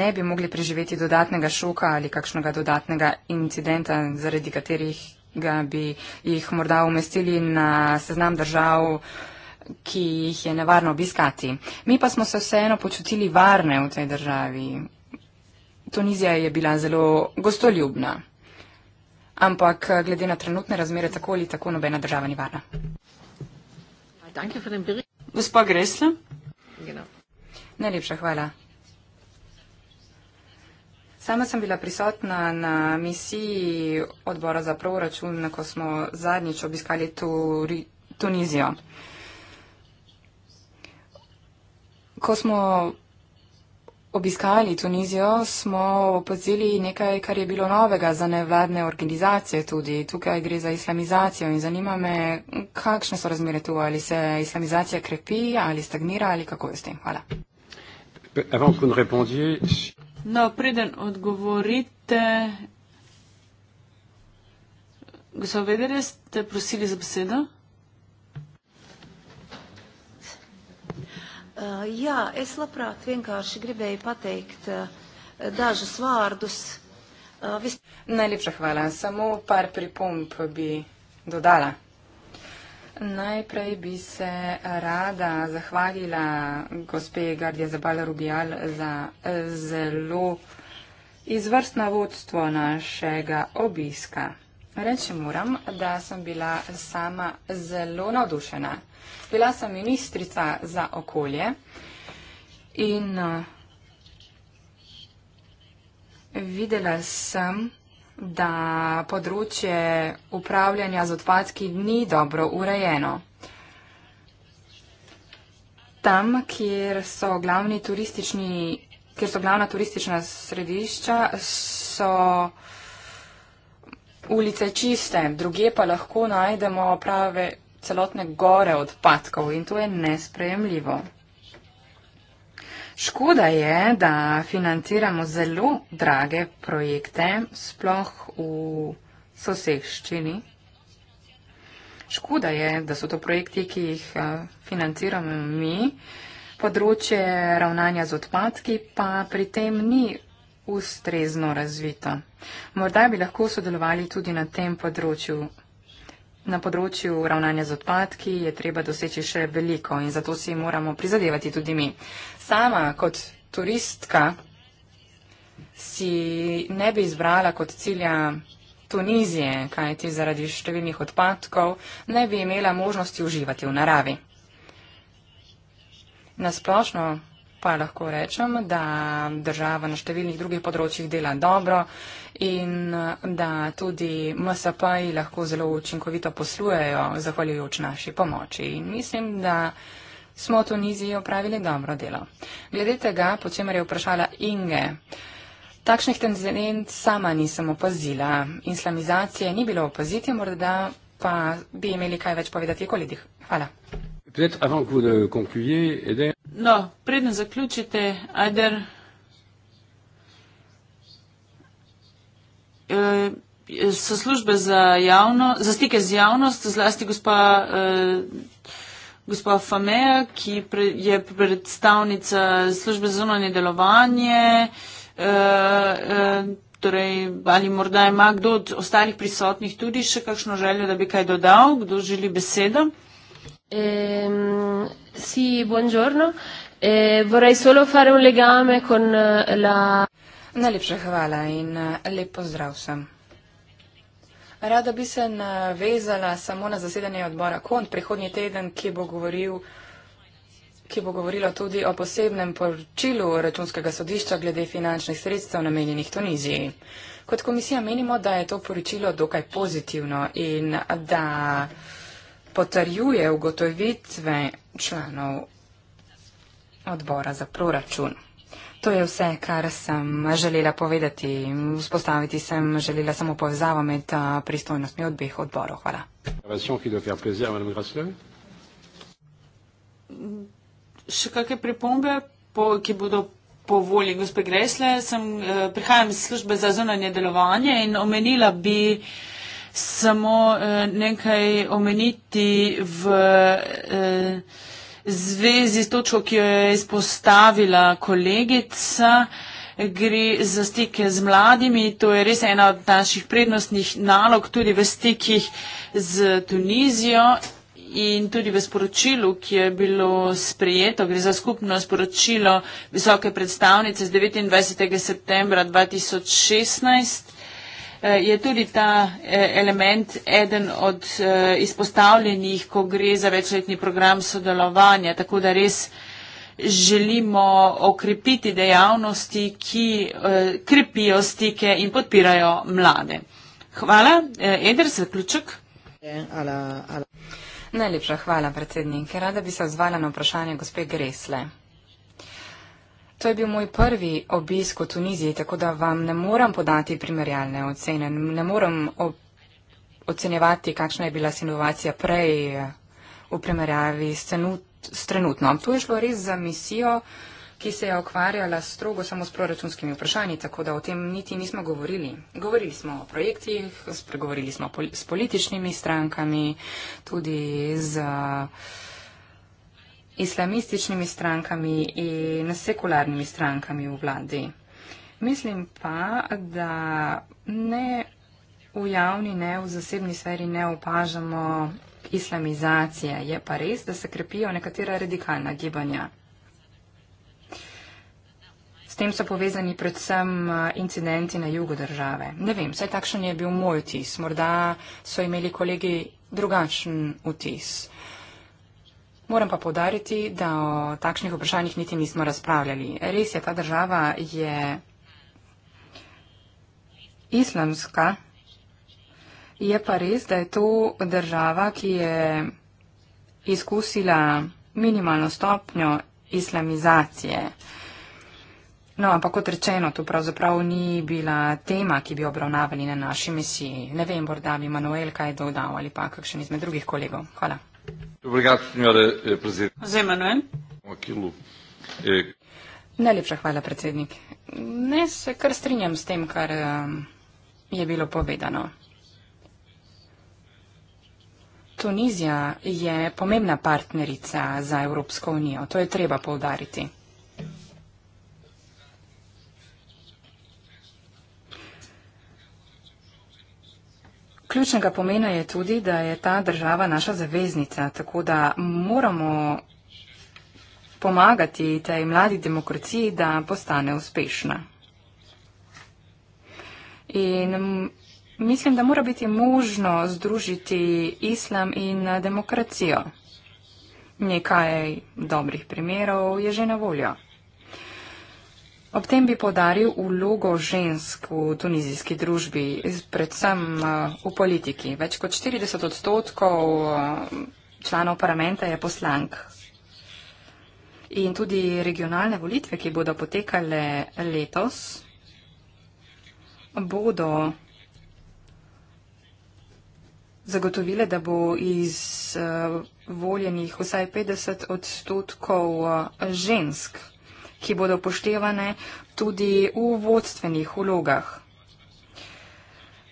ne bi mogli preživeti dodatnega šoka ali kakšnega dodatnega incidenta, zaradi katerih ga bi jih morda umestili na seznam držav, ki jih je nevarno obiskati. Mi pa smo se vseeno počutili varne v tej državi. Tunizija je bila zelo gostoljubna ampak eh, glede na trenutne razmere tako ali tako nobena država ni varna. Gospa Gresle. Najlepša hvala. Sama sem bila prisotna na misiji odbora za proračun, ko smo zadnjič obiskali Turi, Tunizijo. Ko smo Obiskali Tunizijo smo opazili nekaj, kar je bilo novega za nevladne organizacije tudi. Tukaj gre za islamizacijo in zanima me, kakšne so razmere tu, ali se islamizacija krepi ali stagnira ali kako je s tem. Hvala. No, preden odgovorite, so vedeli, ste prosili za besedo? Eh, jā, es labprāt vienkārši gribēju pateikt eh, dažus vārdus. Eh, vis... Najlepša hvala. Samo par pripomp bi dodala. Najprej bi se rada zahvalila gospe Gardija Zabala Rubijal za zelo izvrstno vodstvo našega obiska. Reči moram, da sem bila sama zelo navdušena. Bila sem ministrica za okolje in eh, videla sem, da področje upravljanja z odpadki ni dobro urejeno. Tam, kjer so glavni turistični, kjer so glavna turistična središča, so ulice čiste, druge pa lahko najdemo prave celotne gore odpadkov in to je nesprejemljivo. Škoda je, da financiramo zelo drage projekte, sploh v soseščini. Škoda je, da so to projekti, ki jih eh, financiramo mi, področje ravnanja z odpadki pa pri tem ni ustrezno razvito. Morda bi lahko sodelovali tudi na tem področju. Na področju ravnanja z odpadki je treba doseči še veliko in zato si moramo prizadevati tudi mi. Sama kot turistka si ne bi izbrala kot cilja Tunizije, kajti zaradi številnih odpadkov ne bi imela možnosti uživati v naravi. Nasplošno pa lahko rečem, da država na številnih drugih področjih dela dobro in eh, da tudi MSP-ji lahko zelo učinkovito poslujejo zahvaljujoč naši pomoči. In mislim, da smo v Tuniziji opravili dobro delo. Glede tega, po čemer je vprašala Inge, takšnih tendenc sama nisem opazila. Islamizacije ni bilo opaziti, morda pa bi imeli kaj več povedati kolidih. Hvala. Peut-être avant que vous ne concluiez, Eder. Non, près de conclure, Eder. So službe za, javno, za stike z javnost, zlasti gospa, eh, gospa Fameja, ki pre, je predstavnica službe za zunanje delovanje, eh, eh, torej, ali morda ima kdo od ostalih prisotnih tudi še kakšno željo, da bi kaj dodal, kdo želi besedo. Eh, sì, buongiorno. Eh, vorrei solo fare un legame con eh, la. Najlepša hvala in eh, lep pozdrav vsem. Rada bi se navezala samo na zasedanje odbora KONT prihodnji teden, ki bo, govoril, ki bo govorilo tudi o posebnem poročilu računskega sodišča glede finančnih sredstev namenjenih Tuniziji. Kot komisija menimo, da je to poročilo dokaj pozitivno in da potrjuje ugotovitve članov odbora za proračun. To je vse, kar sem želela povedati. Vzpostaviti sem želela samo povezavo med pristojnostmi obeh odborov. Hvala. Še kakšne pripombe, po, ki bodo po volji gospe Gresle? Sem, eh, prihajam iz službe za zunanje delovanje in omenila bi. Eh, samo eh, nekaj omeniti v eh, zvezi s točko, ki jo je izpostavila kolegica. Gre za stike z mladimi, to je res ena od naših prednostnih nalog tudi v stikih z Tunizijo in tudi v sporočilu, ki je bilo sprejeto. Gre za skupno sporočilo visoke predstavnice z 29. septembra 2016. Eh, je tudi ta eh, element eden od eh, izpostavljenih, ko gre za večletni program sodelovanja, tako da res želimo okrepiti dejavnosti, ki krepijo stike in podpirajo mlade. Hvala. Eder, zaključek. Najlepša hvala, predsednik. Rada bi se odzvala na vprašanje gospe Gresle. To je bil moj prvi obisk v Tuniziji, tako da vam ne moram podati primerjalne ocene. Ne morem ocenjevati, kakšna je bila sinovacija prej eh, v primerjavi s, trenut s trenutno. To je šlo res za misijo, ki se je ukvarjala strogo samo s proračunskimi vprašanji, tako da o tem niti nismo govorili. Govorili smo o projektih, spregovorili smo pol s političnimi strankami, tudi z. Uh, islamističnimi strankami in sekularnimi strankami v vladi. Mislim pa, da ne v javni, ne v zasebni sferi ne opažamo islamizacije. Je pa res, da se krepijo nekatera radikalna gibanja. S tem so povezani predvsem eh, incidenti na jugu države. Ne vem, saj takšen je bil moj vtis. Morda so imeli kolegi drugačen vtis. Uh, Moram pa povdariti, da o takšnih vprašanjih niti nismo razpravljali. Res je, ta država je islamska, je pa res, da je to država, ki je izkusila minimalno stopnjo islamizacije. No, ampak kot rečeno, to pravzaprav ni bila tema, ki bi obravnavali na naši misiji. Ne vem, morda bi Manuel kaj dodal ali pa kakšen izmed drugih kolegov. Hvala. Muito obrigado, senhora eh, Presidente. José Manuel. Com aquilo. É... Eh, Najlepša hvala, predsednik. Ne se kar strinjam s tem, kar um, je bilo povedano. Tunizija je pomembna partnerica za Evropsko unijo, to je treba povdariti. Ključnega pomena je tudi, da je ta država naša zaveznica, tako da moramo pomagati tej mladi demokraciji, da postane uspešna. In mm, mislim, da mora biti možno združiti islam in eh, demokracijo. Nekaj dobrih primerov je že na voljo. Ob tem bi podaril vlogo žensk v tunizijski družbi, predvsem eh, v politiki. Več kot 40 odstotkov eh, članov parlamenta je poslank. In tudi regionalne volitve, ki bodo potekale letos, bodo zagotovile, da bo iz eh, voljenih vsaj 50 odstotkov žensk ki bodo upoštevane tudi v vodstvenih vlogah.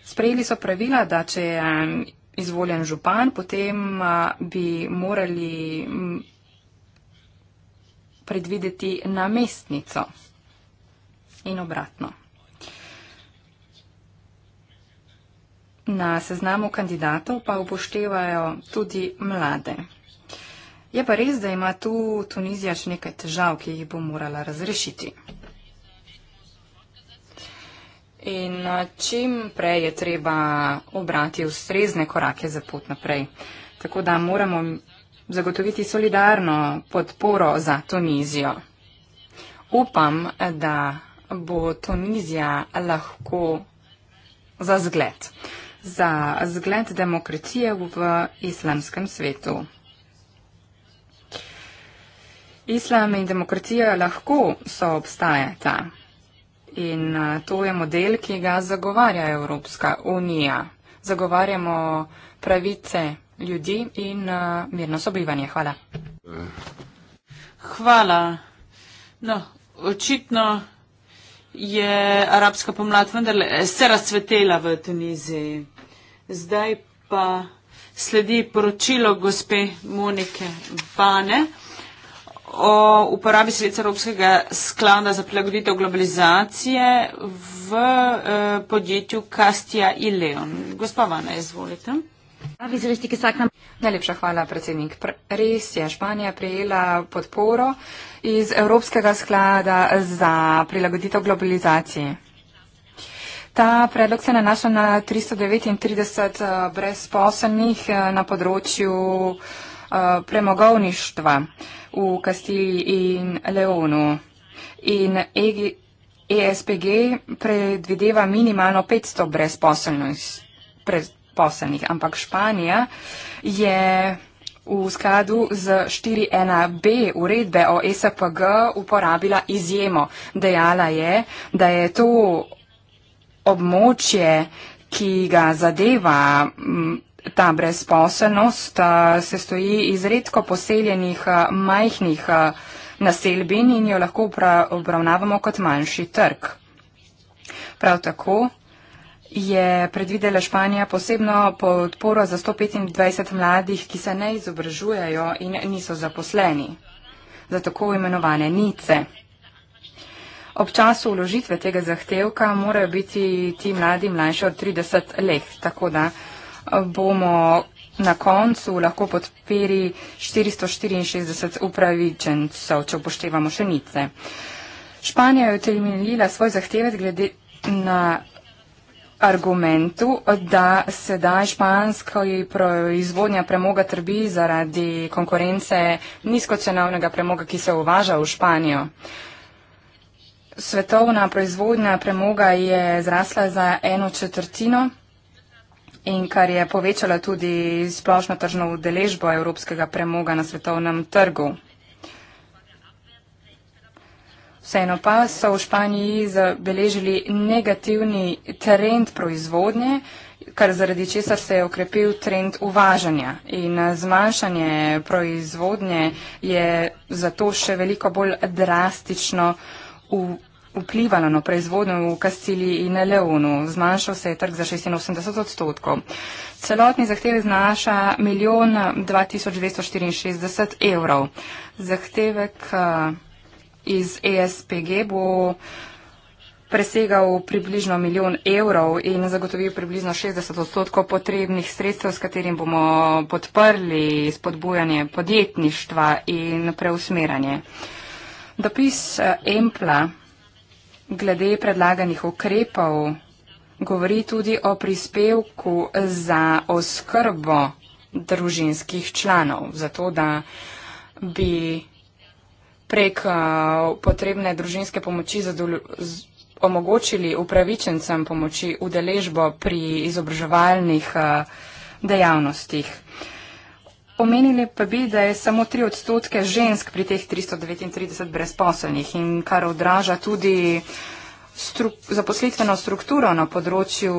Sprejeli so pravila, da če je um, izvoljen župan, potem uh, bi morali predvideti namestnico in obratno. Na seznamu kandidatov pa upoštevajo tudi mlade. Je pa res, da ima tu Tunizija še nekaj težav, ki jih bo morala razrešiti. In čim prej je treba obrati ustrezne korake za pot naprej. Tako da moramo zagotoviti solidarno podporo za Tunizijo. Upam, da bo Tunizija lahko za zgled, za zgled demokracije v islamskem svetu. Islam in demokracija lahko soobstajata. In to je model, ki ga zagovarja Evropska unija. Zagovarjamo pravice ljudi in mirno sobivanje. Hvala. Hvala. No, očitno je arabska pomlad vendarle eh, se razcvetela v Tuniziji. Zdaj pa sledi poročilo gospe Monike Bane o uporabi sredstva Evropskega sklada za prilagoditev globalizacije v eh, podjetju Kastija in Leon. Gospa Vana, izvolite. Najlepša hvala, predsednik. Res je, Španija prejela podporo iz Evropskega sklada za prilagoditev globalizaciji. Ta predlog se nanaša na 339 eh, brezposobnih eh, na področju Eh, premogovništva v Kastiliji in Leonu. In EG, ESPG predvideva minimalno 500 brezposelnih, ampak Španija je v skladu z 4.1.b uredbe o ESPG uporabila izjemo. Dejala je, da je to območje, ki ga zadeva Ta brezposelnost se stoji iz redko poseljenih majhnih naselbin in jo lahko obravnavamo kot manjši trg. Prav tako je predvidela Španija posebno podporo za 125 mladih, ki se ne izobražujejo in niso zaposleni, za tako imenovane nice. Ob času uložitve tega zahtevka morajo biti ti mladi mlajši od 30 let, tako da bomo na koncu lahko podpiri 464 upravičencev, če upoštevamo še nice. Španija je utemeljila svoj zahtevek glede na argumentu, da sedaj španska proizvodnja premoga trbi zaradi konkurence nizkocenovnega premoga, ki se uvaža v Španijo. Svetovna proizvodnja premoga je zrasla za eno četrtino in kar je povečalo tudi splošno tržno udeležbo evropskega premoga na svetovnem trgu. Vseeno pa so v Španiji zabeležili negativni trend proizvodnje, kar zaradi česar se je okrepil trend uvažanja. In zmanjšanje proizvodnje je zato še veliko bolj drastično vplivalo na proizvodnjo v Kastili in Leonu. Zmanjšal se je trg za 86 odstotkov. Celotni zahtevek znaša 1 2264 evrov. Zahtevek eh, iz ESPG bo presegal približno milijon evrov in zagotovil približno 60 odstotkov potrebnih sredstev, s katerim bomo podprli spodbujanje podjetništva in preusmeranje. Dopis eh, Empla glede predlaganih ukrepov govori tudi o prispevku za oskrbo družinskih članov, zato da bi prek potrebne družinske pomoči omogočili upravičencem pomoči udeležbo pri izobraževalnih dejavnostih. Omenili pa bi, da je samo 3 odstotke žensk pri teh 339 brezposelnih in kar odraža tudi stru zaposlitveno strukturo na področju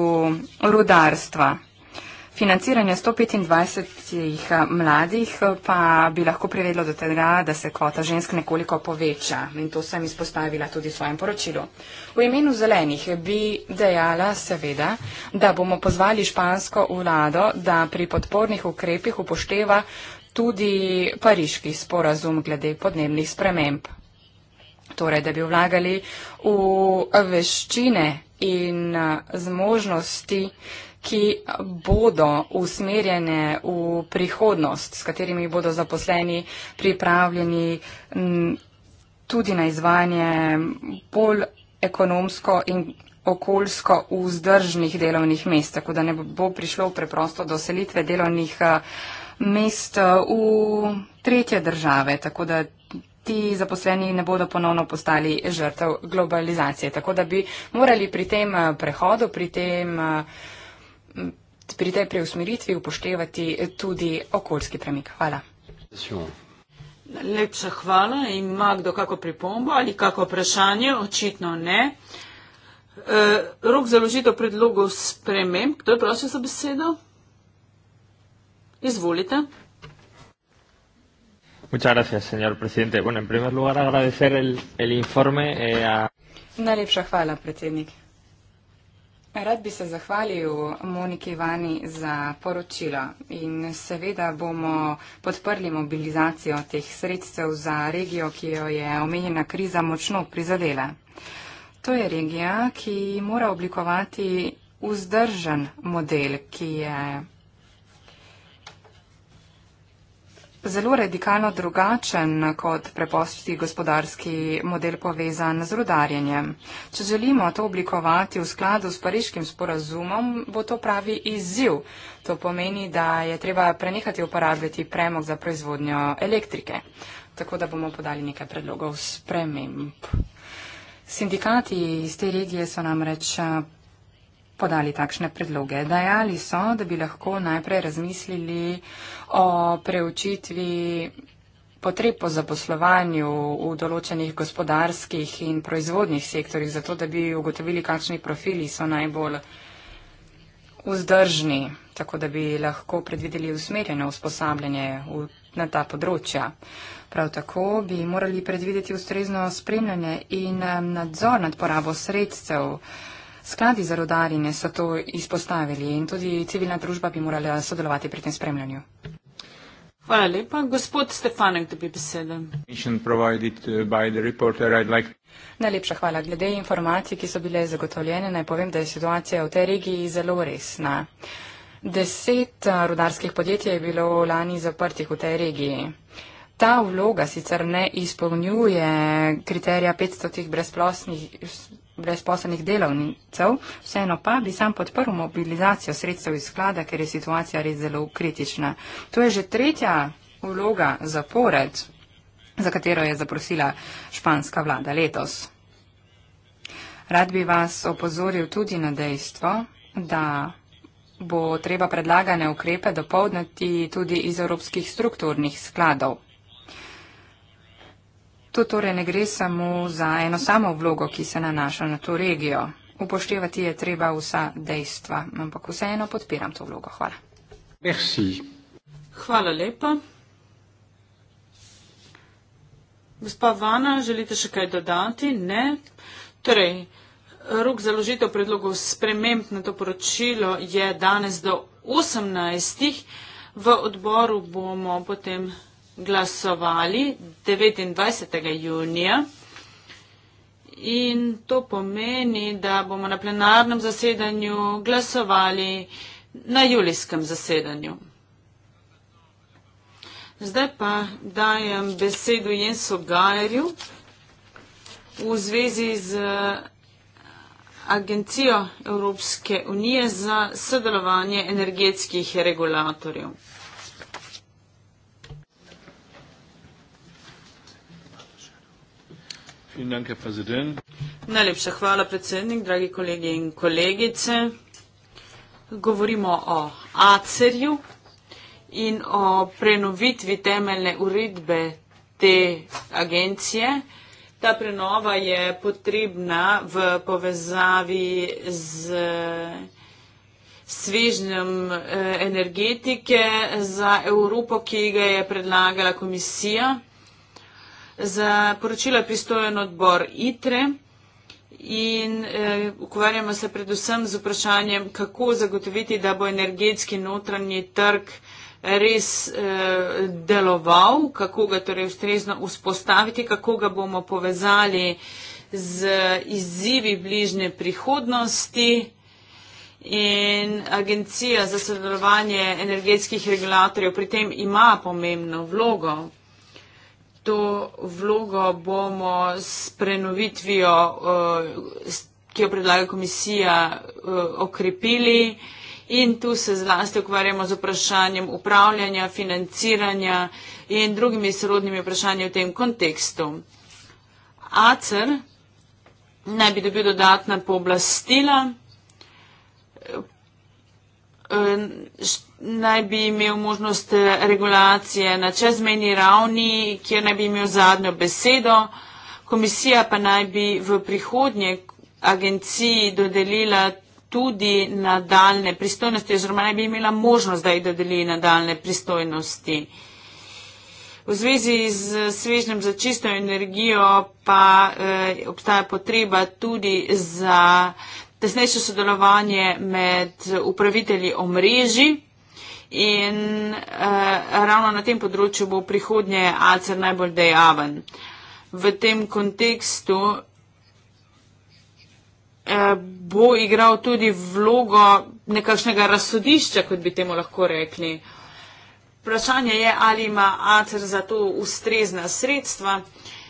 rudarstva. Financiranje 125 eh, mladih eh, pa bi lahko privedlo do tega, da se kvota žensk nekoliko poveča. In to sem izpostavila tudi v svojem poročilu. V imenu zelenih bi dejala seveda, da bomo pozvali špansko vlado, da pri podpornih ukrepih upošteva tudi pariški sporazum glede podnebnih sprememb. Torej, da bi vlagali v veščine in eh, zmožnosti, uh, ki bodo usmerjene v prihodnost, s katerimi bodo zaposleni pripravljeni tudi na izvajanje bolj ekonomsko in okoljsko vzdržnih delovnih mest, tako da ne bo prišlo preprosto do selitve delovnih eh, mest eh, v tretje države, tako da ti zaposleni ne bodo ponovno postali žrtev globalizacije. Tako da bi morali pri tem eh, prehodu, pri tem pri tej preusmeritvi upoštevati tudi okoljski premik. Hvala. Lepša hvala. Ima kdo kako pripombo ali kako vprašanje? Očitno ne. E, rok za ložitev predlogov sprememb. Kdo je prosil za besedo? Izvolite. Muchas gracias, señor presidente. Bueno, en primer lugar, agradecer el, el informe. Eh, a... Najlepša hvala, predsednik. Rad bi se zahvalil Moniki Vani za poročilo in seveda bomo podprli mobilizacijo teh sredstev za regijo, ki jo je omenjena kriza močno prizadela. To je regija, ki mora oblikovati vzdržen model, ki je zelo radikalno drugačen kot preposti gospodarski model povezan z rudarjenjem. Če želimo to oblikovati v skladu s pariškim sporazumom, bo to pravi izziv. To pomeni, da je treba prenehati uporabljati premog za proizvodnjo elektrike. Tako da bomo podali nekaj predlogov sprememb. Sindikati iz te regije so namreč podali takšne predloge. Dajali so, da bi lahko najprej razmislili o preučitvi potreb po zaposlovanju v določenih gospodarskih in proizvodnih sektorjih, zato da bi ugotovili, kakšni profili so najbolj vzdržni, tako da bi lahko predvideli usmerjeno usposabljanje v, na ta področja. Prav tako bi morali predvideti ustrezno spremljanje in nadzor nad porabo sredstev, Skladi za rodarjenje so to izpostavili in tudi civilna družba bi morala sodelovati pri tem spremljanju. Hvala lepa. Gospod Stefanek, da bi besedel. Najlepša hvala. Glede informacij, ki so bile zagotovljene, naj povem, da je situacija v tej regiji zelo resna. Deset uh, rodarskih podjetij je bilo lani zaprtih v tej regiji. Ta vloga sicer ne izpolnjuje kriterija 500 brezplosnih brezposobnih delovnicev, vseeno pa bi sam podprl mobilizacijo sredstev iz sklada, ker je situacija res zelo kritična. To je že tretja vloga zapored, za katero je zaprosila španska vlada letos. Rad bi vas opozoril tudi na dejstvo, da bo treba predlagane ukrepe dopolniti tudi iz evropskih strukturnih skladov. To torej ne gre samo za eno samo vlogo, ki se nanaša na to regijo. Upoštevati je treba vsa dejstva, ampak vseeno podpiram to vlogo. Hvala. Merci. Hvala lepa. Gospa Vana, želite še kaj dodati? Ne. Torej, rok založitev predlogov sprememb na to poročilo je danes do 18. V odboru bomo potem glasovali 29. junija. In to pomeni, da bomo na plenarnem zasedanju glasovali na julijskem zasedanju. Zdaj pa dajem besedo Jensu Gajerju v zvezi z eh, Agencijo Evropske unije za sodelovanje energetskih regulatorjev. Najlepša hvala, predsednik, dragi kolegi in kolegice. Govorimo o ACER-ju in o prenovitvi temeljne uredbe te agencije. Ta prenova je potrebna v povezavi z svežnjem eh, energetike za Evropo, ki ga je predlagala komisija. Za poročilo je pristojen odbor ITRE in eh, ukvarjamo se predvsem z vprašanjem, kako zagotoviti, da bo energetski notranji trg res eh, deloval, kako ga torej ustrezno vzpostaviti, kako ga bomo povezali z izzivi bližnje prihodnosti. In agencija za sodelovanje energetskih regulatorjev pri tem ima pomembno vlogo to vlogo bomo s prenovitvijo, eh, ki jo predlaga komisija, eh, okrepili in tu se zlasti ukvarjamo z vprašanjem upravljanja, financiranja in drugimi srodnimi vprašanji v tem kontekstu. ACR naj bi dobil dodatna pooblastila. Eh, naj bi imel možnost eh, regulacije na čezmeni ravni, kjer naj bi imel zadnjo besedo. Komisija pa naj bi v prihodnje agenciji dodelila tudi nadaljne pristojnosti oziroma naj bi imela možnost, da jih dodeli nadaljne pristojnosti. V zvezi z svežnjem za čisto energijo pa eh, obstaja potreba tudi za tesnejše sodelovanje med upravitelji omrežji in eh, ravno na tem področju bo prihodnje ACER najbolj dejaven. V tem kontekstu eh, bo igral tudi vlogo nekakšnega razsodišča, kot bi temu lahko rekli. Vprašanje je, ali ima ACER za to ustrezna sredstva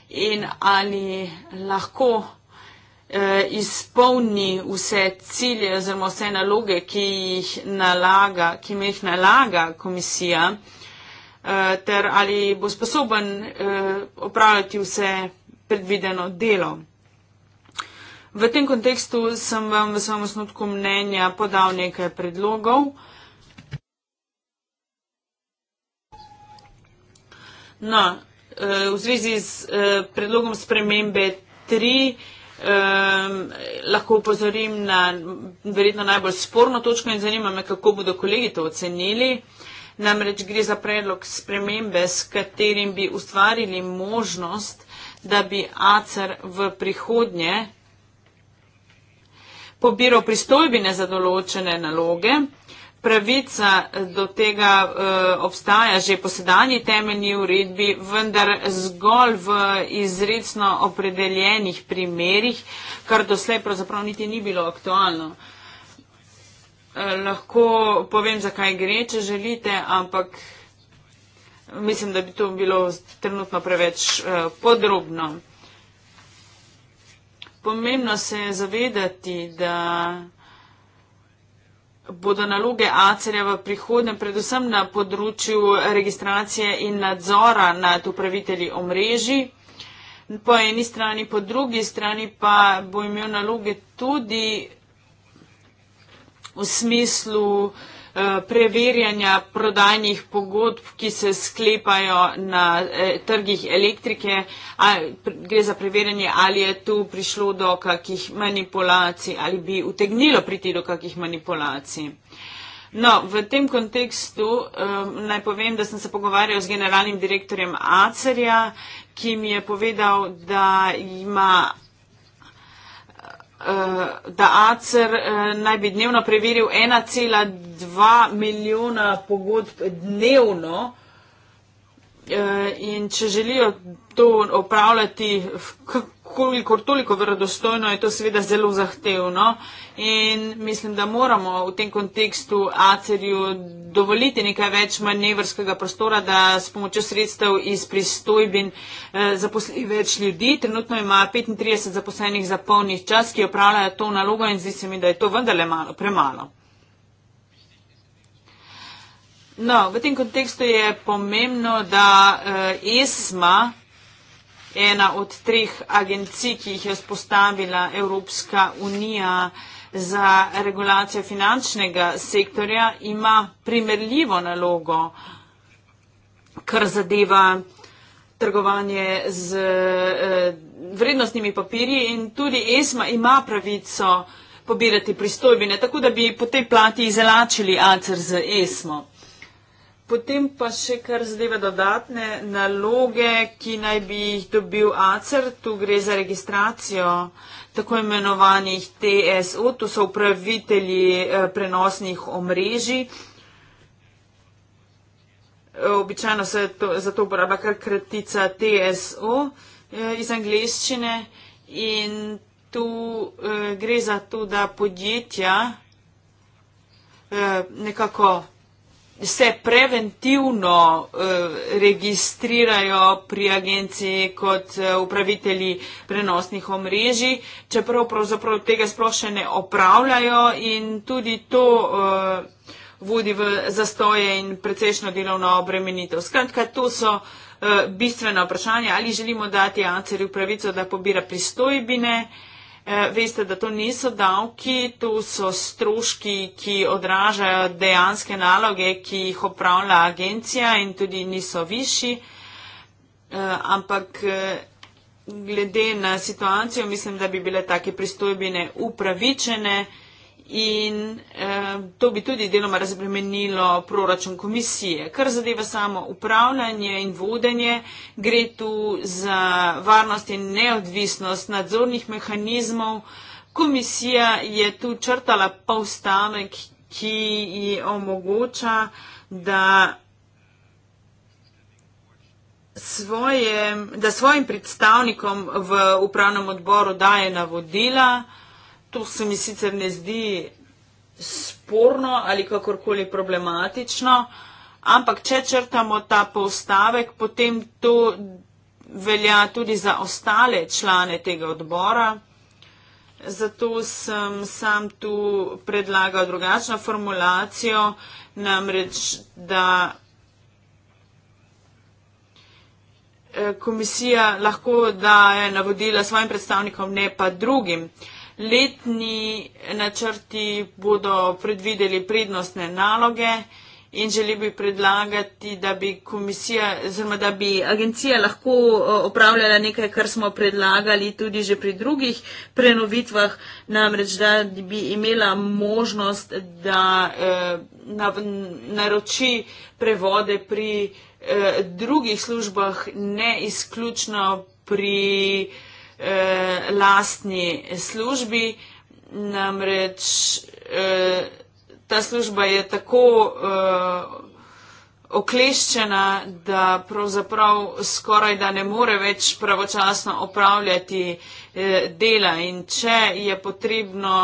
in ali lahko Eh, izpolni vse cilje oziroma vse naloge, ki jih nalaga, ki jih nalaga komisija, eh, ter ali bo sposoben eh, opravljati vse predvideno delo. V tem kontekstu sem vam v svojem osnutku mnenja podal nekaj predlogov. No, v zvezi s predlogom spremembe 3 Um, lahko upozorim na verjetno najbolj sporno točko in zanima me, kako bodo kolegi to ocenili. Namreč gre za predlog spremembe, s katerim bi ustvarili možnost, da bi ACR v prihodnje pobiral pristojbine za določene naloge, pravica eh, do tega uh, obstaja že po sedanji temeljni uredbi, vendar zgolj v izredno opredeljenih primerjih, kar doslej pravzaprav niti ni bilo aktualno. Eh, lahko povem, zakaj gre, če želite, ampak mislim, da bi to bilo trenutno preveč podrobno. Pomembno se je zavedati, da bodo naloge ACR-ja v prihodnem, predvsem na področju registracije in nadzora nad upravitelji omrežji. Po eni strani, po drugi strani pa bo imel naloge tudi v smislu uh, Eh, preverjanja prodajnih pogodb, ki se sklepajo na eh, trgih elektrike. A, gre za preverjanje, ali je tu prišlo do kakih manipulacij ali bi utegnilo priti do kakih manipulacij. No, v tem kontekstu um, naj povem, da sem se pogovarjal z generalnim direktorjem Acerja, ki mi je povedal, da ima Eh, da ACR eh, naj bi dnevno preveril 1,2 milijona pogodb dnevno, Eh, in če želijo to opravljati, kolikor toliko verodostojno, je to seveda zelo zahtevno. In mislim, da moramo v tem kontekstu ACER-ju dovoliti nekaj več manevrskega prostora, da s pomočjo sredstev iz pristojbin eh, zaposli več ljudi. Trenutno ima 35 zaposlenih za polnih čas, ki opravljajo to nalogo in zdi se mi, da je to vendarle malo, premalo. No, v tem kontekstu je pomembno, da uh, ESMA, ena od treh agencij, ki jih je spostavila Evropska unija za regulacijo finančnega sektorja, ima primerljivo nalogo, kar zadeva trgovanje z uh, vrednostnimi papirji in tudi ESMA ima pravico pobirati pristojbine, tako da bi po tej plati izelačili ACER z ESMO. Potem pa še kar zadeva dodatne naloge, ki naj bi jih dobil ACER. Tu gre za registracijo tako imenovanih TSO, to so upravitelji eh, prenosnih omrežij. Eh, običajno se to, za to uporablja kar kratica TSO eh, iz angleščine in tu gre za to, da podjetja nekako se preventivno eh, registrirajo pri agenciji kot eh, upravitelji prenosnih omrežij, čeprav pravzaprav tega sploh še ne opravljajo in tudi to eh, vodi v zastoje in precejšno delovno obremenitev. Skratka, to so bistvene vprašanja, ali želimo dati ACR-ju pravico, da pobira pristojbine. Eh, veste, da to niso davki, to so stroški, ki odražajo dejanske naloge, ki jih opravlja agencija in tudi niso višji. Eh, ampak eh, glede na situacijo, mislim, da bi bile take pristojbine upravičene in eh, to bi tudi deloma razbremenilo proračun komisije. Kar zadeva samo upravljanje in vodenje, gre tu za varnost in neodvisnost nadzornih mehanizmov. Komisija je tu črtala pa ustavek, ki ji omogoča, da, svoje, da svojim predstavnikom v upravnem odboru daje navodila, To se mi sicer ne zdi sporno ali kakorkoli problematično, ampak če črtamo ta postavek, potem to velja tudi za ostale člane tega odbora. Zato sem sam tu predlagal drugačno formulacijo, namreč, da eh, komisija lahko daje navodila svojim predstavnikom, ne pa drugim letni načrti bodo predvideli prednostne naloge in želi bi predlagati, da bi komisija, oziroma da bi agencija lahko opravljala nekaj, kar smo predlagali tudi že pri drugih prenovitvah, namreč da bi imela možnost, da eh, naroči prevode pri eh, drugih službah, ne izključno pri eh, eh, lastni službi, namreč eh, ta služba je tako eh, okleščena, da pravzaprav skoraj da ne more več pravočasno opravljati eh, dela in če je potrebno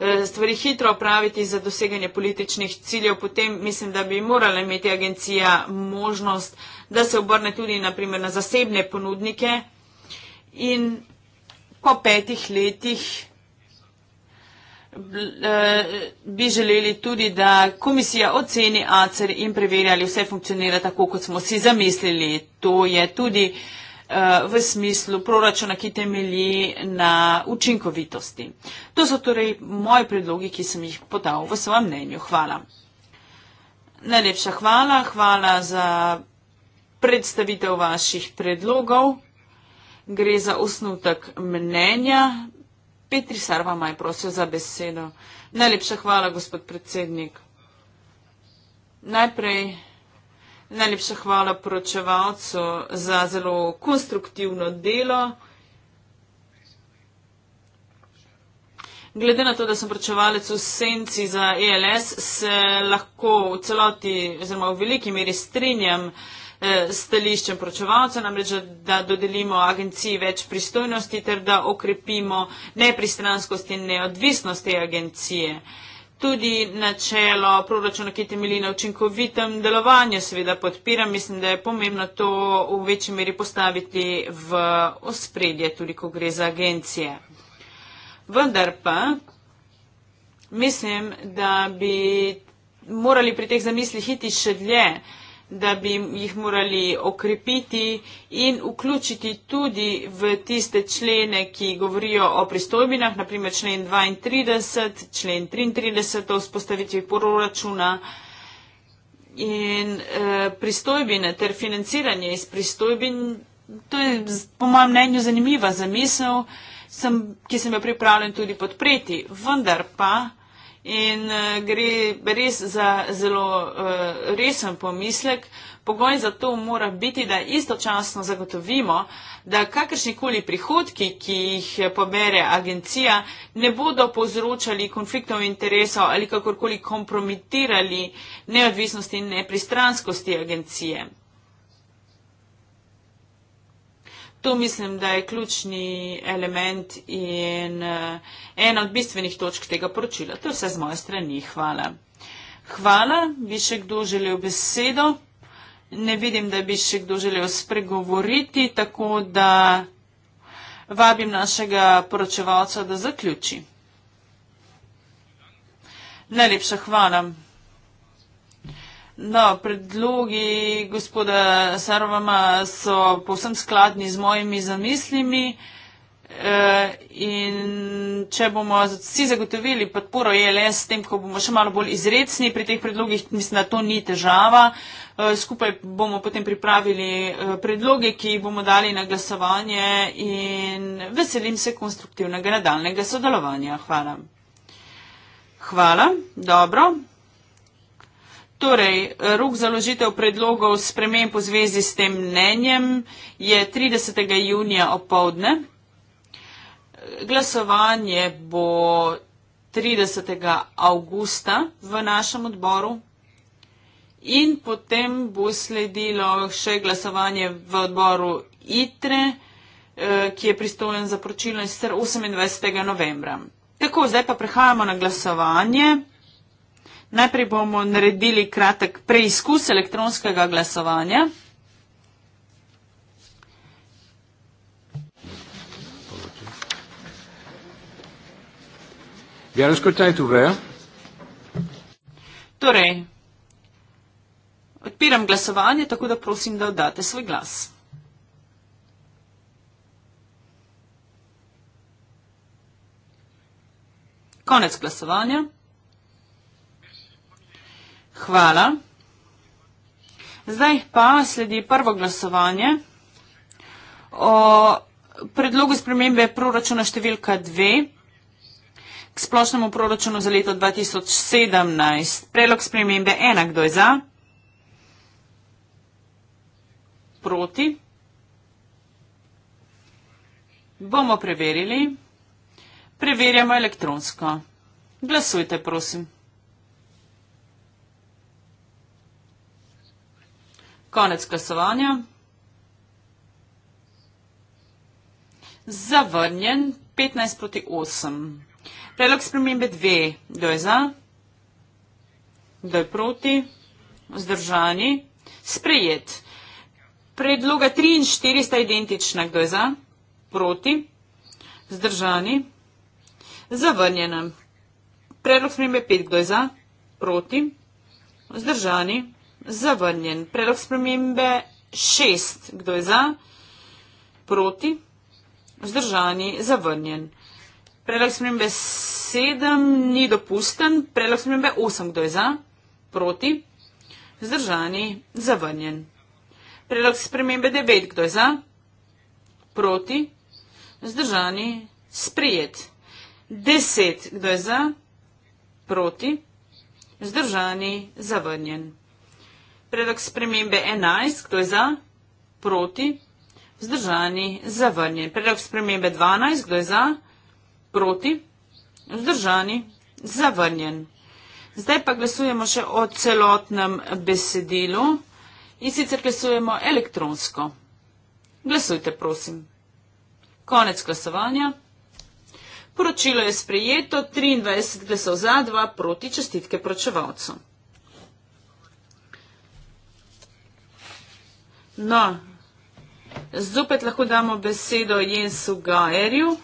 eh, stvari hitro opraviti za doseganje političnih ciljev, potem mislim, da bi morala imeti agencija možnost, da se obrne tudi naprimer na zasebne ponudnike, In po petih letih eh, bi želeli tudi, da komisija oceni ACER in preveri, ali vse funkcionira tako, kot smo si zamislili. To je tudi eh, v smislu proračuna, ki temelji na učinkovitosti. To so torej moji predlogi, ki sem jih podal v svojem mnenju. Hvala. Najlepša hvala. Hvala za predstavitev vaših predlogov gre za osnutek mnenja. Petri Sarva maj prosil za besedo. Najlepša hvala, gospod predsednik. Najprej najlepša hvala poročevalcu za zelo konstruktivno delo. Glede na to, da sem pročevalec v senci za ELS, se lahko v celoti, oziroma v veliki meri strinjam uh, Eh, stališčem pročevalcev, namreč da dodelimo agenciji več pristojnosti ter da okrepimo nepristranskost in neodvisnost te agencije. Tudi načelo proračuna, ki temelji na učinkovitem delovanju, seveda podpiram. Mislim, da je pomembno to v večji meri postaviti v ospredje, tudi ko gre za agencije. Vendar pa mislim, da bi morali pri teh zamislih iti še dlje. Uh, da bi jih morali okrepiti in vključiti tudi v tiste člene, ki govorijo o pristojbinah, naprimer člen 32, člen 33 o spostavitvi proračuna. In e, pristojbine ter financiranje iz pristojbin, to je po mojem mnenju zanimiva zamisel, sem, ki sem jo pripravljen tudi podpreti. Vendar pa in uh, gre res za zelo uh, resen pomislek. Pogoj za to mora biti, da istočasno zagotovimo, da kakršnikoli prihodki, ki jih pobere agencija, ne bodo povzročali konfliktov interesov ali kakorkoli kompromitirali neodvisnosti in nepristranskosti agencije. to mislim, da je ključni element in eh, ena od bistvenih točk tega poročila. To je vse z moje strani. Hvala. Hvala. Bi še kdo želel besedo? Ne vidim, da bi še kdo želel spregovoriti, tako da vabim našega poročevalca, da zaključi. Najlepša hvala. No, predlogi gospoda Sarvama so povsem skladni z mojimi zamislimi eh, in če bomo vsi zagotovili podporo ELS s tem, ko bomo še malo bolj izrecni pri teh predlogih, mislim, da to ni težava. Eh, skupaj bomo potem pripravili eh, predloge, ki jih bomo dali na glasovanje in veselim se konstruktivnega nadaljnega sodelovanja. Hvala. Hvala. Dobro. Torej, rok za ložitev predlogov sprememb v zvezi s tem mnenjem je 30. junija opovdne. Glasovanje bo 30. augusta v našem odboru in potem bo sledilo še glasovanje v odboru ITRE, eh, ki je pristojen za poročilo in sicer 28. novembra. Tako, zdaj pa prehajamo na glasovanje. Najprej bomo naredili kratek preizkus elektronskega glasovanja. Torej, odpiram glasovanje, tako da prosim, da oddate svoj glas. Konec glasovanja. Hvala. Zdaj pa sledi prvo glasovanje o predlogu spremembe proračuna številka 2 k splošnemu proračunu za leto 2017. Predlog spremembe 1. Kdo je za? Proti? Bomo preverili. Preverjamo elektronsko. Glasujte, prosim. Konec glasovanja. Zavrnjen 15 proti 8. Predlog spremembe 2. Kdo je za? Kdo je proti? Zdržani? Sprejet. Predloga 3 in 4 sta identična. Kdo je za? Proti? Zdržani? Zavrnjena. Predlog spremembe 5. Kdo je za? Proti? Zdržani? zavrnjen. Predlog spremembe šest. Kdo je za? Proti? Zdržani? Zavrnjen. Predlog spremembe sedem ni dopusten. Predlog spremembe osem. Kdo je za? Proti? Zdržani? Zavrnjen. Predlog spremembe devet. Kdo je za? Proti? Zdržani? Sprijet. Deset. Kdo je za? Proti? Zdržani? Zavrnjen. Predlog spremembe 11, kdo je za? Proti. Vzdržani. Zavrnjen. Predlog spremembe 12, kdo je za? Proti. Vzdržani. Zavrnjen. Zdaj pa glasujemo še o celotnem besedilu in sicer glasujemo elektronsko. Glasujte, prosim. Konec glasovanja. Poročilo je sprejeto, 23 glasov za, 2 proti, čestitke pročevalcu. No, zopet lahko damo besedo Jensu Gajerju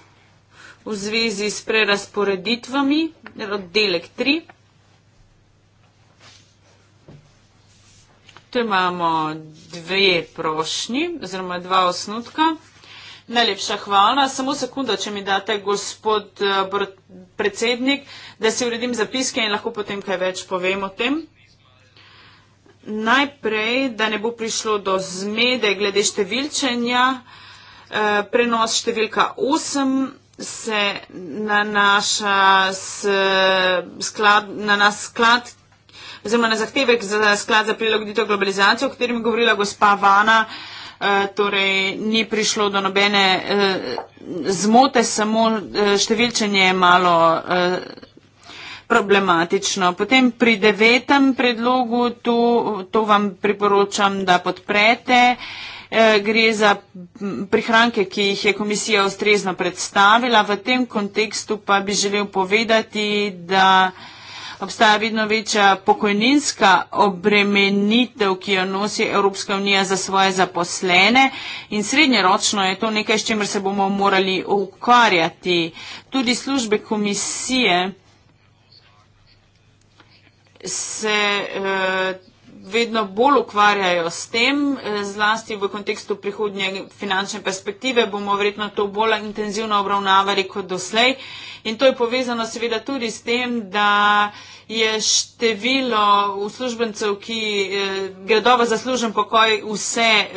v zvezi s prerasporeditvami, oddelek 3. Tu imamo dve prošnji, oziroma dva osnutka. Najlepša hvala. Samo sekunda, če mi date, gospod eh, predsednik, da si uredim zapiske in lahko potem kaj več povem o tem najprej, da ne bo prišlo do zmede glede številčenja, eh, prenos številka 8 se nanaša s sklad, na nas sklad, oziroma na zahtevek za sklad za prilagoditev globalizacijo, o katerem je govorila gospa Vana, eh, torej ni prišlo do nobene eh, zmote, samo številčenje je malo problematično. Potem pri devetem predlogu, to, to vam priporočam, da podprete. E, gre za prihranke, ki jih je komisija ustrezno predstavila. V tem kontekstu pa bi želel povedati, da obstaja vedno večja pokojninska obremenitev, ki jo nosi Evropska unija za svoje zaposlene in srednjeročno je to nekaj, s čimer se bomo morali ukvarjati. Tudi službe komisije se uh, vedno bolj ukvarjajo s tem, eh, zlasti v kontekstu prihodnje finančne perspektive bomo verjetno to bolj intenzivno obravnavali kot doslej. In to je povezano seveda tudi s tem, da je število uslužbencev, ki uh, gredo v zaslužen pokoj, vse uh,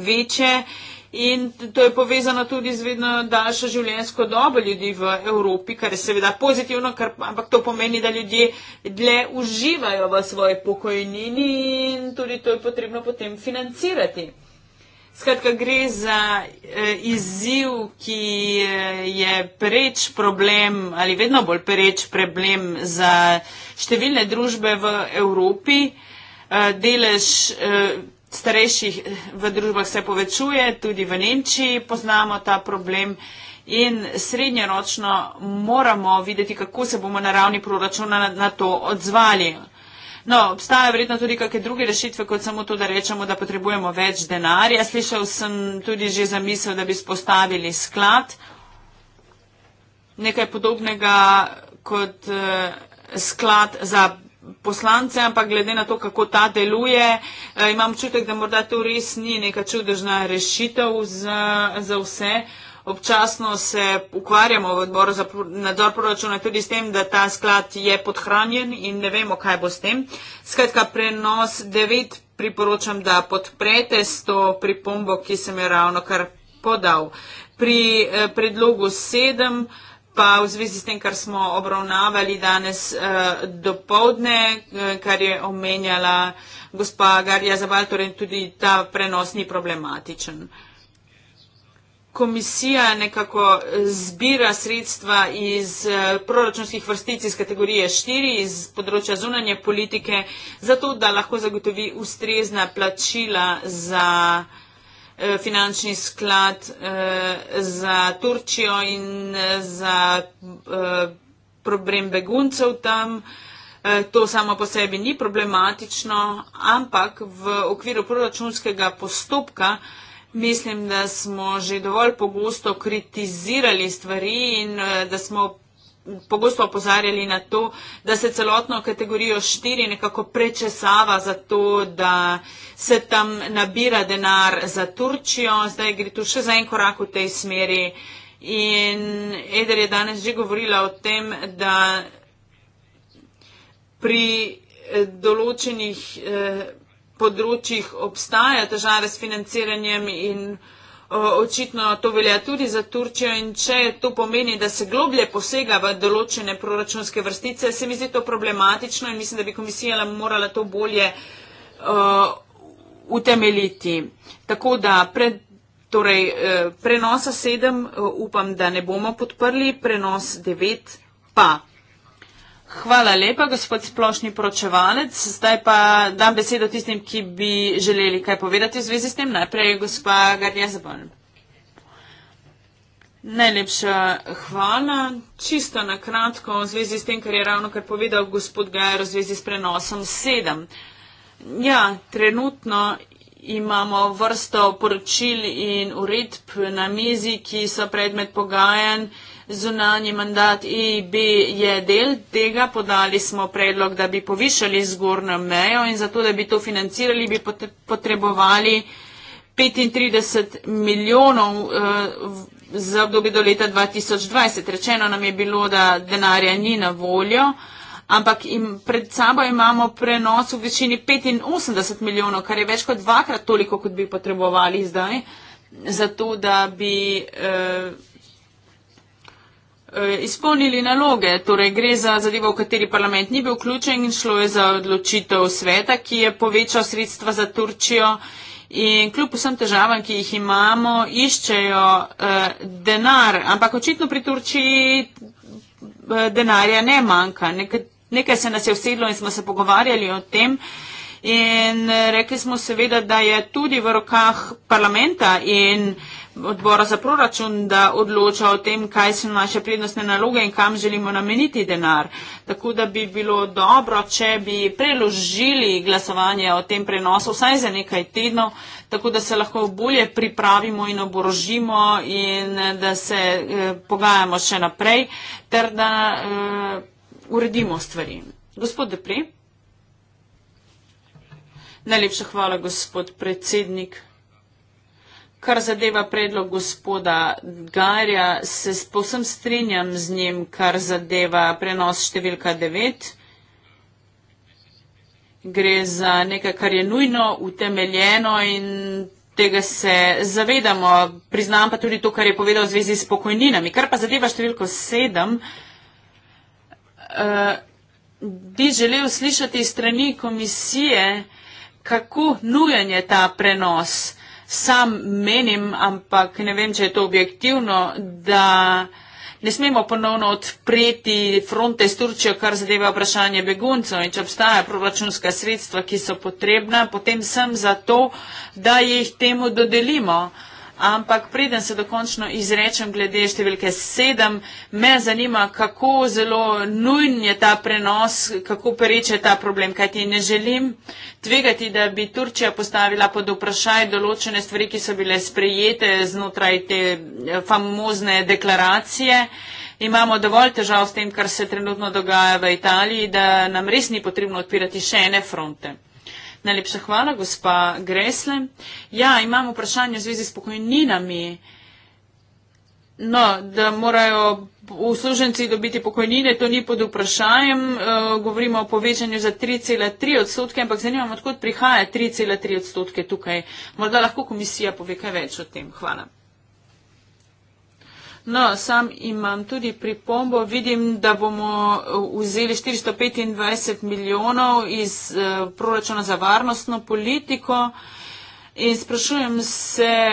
večje. Uh, In to je povezano tudi z vedno daljšo življenjsko dobo ljudi v Evropi, kar je seveda pozitivno, kar, ampak to pomeni, da ljudje dlje uživajo v svoji pokojnini in tudi to je potrebno potem financirati. Skratka, gre za eh, izziv, ki eh, je preč problem ali vedno bolj preč problem za številne družbe v Evropi. Eh, delež eh, starejših eh, v družbah se povečuje, tudi v Nemčiji poznamo ta problem. In srednjeročno moramo videti, kako se bomo na ravni proračuna na to odzvali. No, obstajajo verjetno tudi kakšne druge rešitve, kot samo to, da rečemo, da potrebujemo več denarja. Slišal sem tudi že za misel, da bi spostavili sklad. Nekaj podobnega kot eh, sklad za poslance, ampak glede na to, kako ta deluje, eh, imam občutek, da morda to res ni neka čudežna rešitev za, za vse. Občasno se ukvarjamo v odboru za nadzor proračuna tudi s tem, da ta sklad je podhranjen in ne vemo, kaj bo s tem. Skratka, prenos 9 priporočam, da podprete s to pripombo, ki sem jo ravno kar podal. Pri eh, predlogu 7 pa v zvezi s tem, kar smo obravnavali danes uh, eh, do povdne, eh, kar je omenjala gospa Garja Zabal, torej tudi ta prenos ni problematičen. Komisija nekako zbira sredstva iz eh, proračunskih vrstic iz kategorije 4, iz področja zunanje politike, zato da lahko zagotovi ustrezna plačila za Eh, finančni sklad eh, za Turčijo in eh, za problem beguncev tam. To samo po sebi ni problematično, ampak v okviru proračunskega postopka mislim, da smo že dovolj pogosto kritizirali stvari in da smo pogosto opozarjali na to, da se celotno kategorijo 4 nekako prečesava za to, da se tam nabira denar za Turčijo. Zdaj gre tu še za en korak v tej smeri. In Eder je danes že govorila o tem, da pri eh, določenih eh, področjih obstajajo težave s financiranjem in Eh, očitno to velja tudi za Turčijo in če to pomeni, da se globlje posega v določene proračunske vrstice, se mi zdi to problematično in mislim, da bi komisija morala to bolje uh, eh, utemeliti. Tako da pred, torej, eh, prenosa sedem upam, da ne bomo podprli, prenos devet pa. Hvala lepa, gospod splošni poročevalec. Zdaj pa dam besedo tistim, ki bi želeli kaj povedati v zvezi s tem. Najprej gospa Garnjezabon. Najlepša hvala. Čisto na kratko v zvezi s tem, kar je ravno kar povedal gospod Gajer v zvezi s prenosom 7. Ja, trenutno imamo vrsto poročil in uredb na mizi, ki so predmet pogajanj. Zunanji mandat e IB je del tega. Podali smo predlog, da bi povišali zgornjo mejo in zato, da bi to financirali, bi potrebovali 35 milijonov eh, za obdobje do leta 2020. Rečeno nam je bilo, da denarja ni na voljo ampak im, pred sabo imamo prenos v višini 85 milijonov, kar je več kot dvakrat toliko, kot bi potrebovali zdaj, zato da bi eh, eh, izpolnili naloge. Torej, gre za zadevo, v kateri parlament ni bil vključen in šlo je za odločitev sveta, ki je povečal sredstva za Turčijo. In kljub vsem težavam, ki jih imamo, iščejo eh, denar, ampak očitno pri Turčiji eh, denarja ne manjka. Nekat, nekaj se nas je usedlo in smo se pogovarjali o tem. In eh, rekli smo seveda, da je tudi v rokah parlamenta in odbora za proračun, da odloča o tem, kaj so naše prednostne naloge in kam želimo nameniti denar. Tako da bi bilo dobro, če bi preložili glasovanje o tem prenosu vsaj za nekaj tednov, tako da se lahko bolje pripravimo in oborožimo in eh, da se eh, pogajamo še naprej, ter da. Eh, uredimo stvari. Gospod Depre. Najlepša hvala, gospod predsednik. Kar zadeva predlog gospoda Garja, se posem strinjam z njim, kar zadeva prenos številka 9. Gre za nekaj, kar je nujno, utemeljeno in tega se zavedamo. Priznam pa tudi to, kar je povedal v zvezi s pokojninami. Kar pa zadeva številko 7. Eh, bi želel slišati strani komisije, kako nujen je ta prenos. Sam menim, ampak ne vem, če je to objektivno, da ne smemo ponovno odpreti fronte s Turčijo, kar zadeva vprašanje beguncev in če obstajajo proračunska sredstva, ki so potrebna, potem sem za to, da jih temu dodelimo. Uh, ampak preden se dokončno izrečem glede številke sedem, me zanima, kako zelo nujen je ta prenos, kako pereče ta problem, kajti ne želim tvegati, da bi Turčija postavila pod vprašaj določene stvari, ki so bile sprejete znotraj te eh, famozne deklaracije. Imamo dovolj težav s tem, kar se trenutno dogaja v Italiji, da nam res ni potrebno odpirati še ene fronte. Najlepša hvala, gospa Gresle. Ja, imam vprašanje v zvezi s pokojninami. No, da morajo usluženci dobiti pokojnine, to ni pod vprašanjem. E, govorimo o povečanju za 3,3 odstotke, ampak zanima me, odkot prihaja 3,3 odstotke tukaj. Morda lahko komisija pove kaj več o tem. Hvala. No, sam imam tudi pripombo. Vidim, da bomo uh, vzeli 425 milijonov iz uh, proračuna za varnostno politiko in sprašujem se,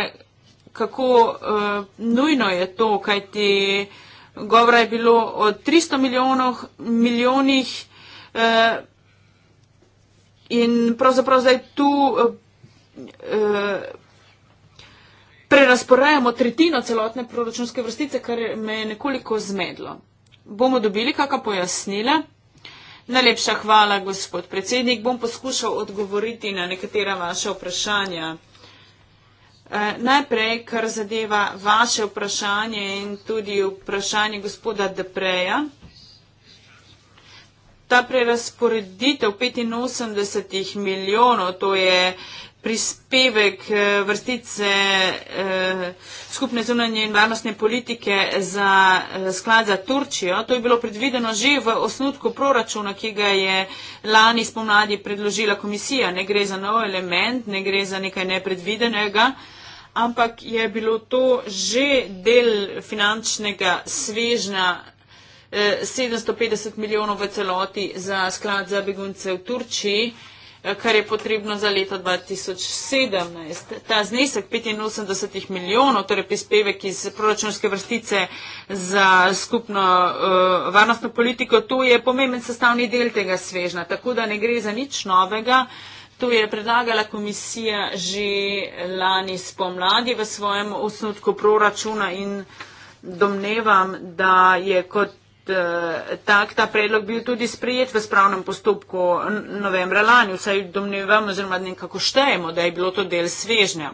kako uh, nujno je to, kajti govora je bilo o 300 milijonov, milijonih uh, in pravzaprav zdaj tu. Uh, uh, prerasporajamo tretjino celotne proračunske vrstice, kar me je nekoliko zmedlo. Bomo dobili kakšna pojasnila? Najlepša hvala, gospod predsednik. Bom poskušal odgovoriti na nekatera vaše vprašanja. E, najprej, kar zadeva vaše vprašanje in tudi vprašanje gospoda Depreja. Ta prerasporeditev 85 milijonov, to je prispevek eh, vrstice eh, skupne zunanje in varnostne politike za eh, sklad za Turčijo. To je bilo predvideno že v osnutku proračuna, ki ga je lani spomladi predložila komisija. Ne gre za nov element, ne gre za nekaj nepredvidenega, ampak je bilo to že del finančnega svežna. 750 milijonov v celoti za sklad za begunce v Turčiji kar je potrebno za leto 2017. Ta znesek 85 milijonov, torej prispevek iz proračunske vrstice za skupno uh, varnostno politiko, to je pomemben sestavni del tega svežna, tako da ne gre za nič novega. To je predlagala komisija že lani spomladi v svojem osnutku proračuna in domnevam, da je kot Eh, tak ta predlog bil tudi sprejet v spravnem postopku novembra lani, vsaj domnevam oziroma nekako štejemo, da je bilo to del svežnja.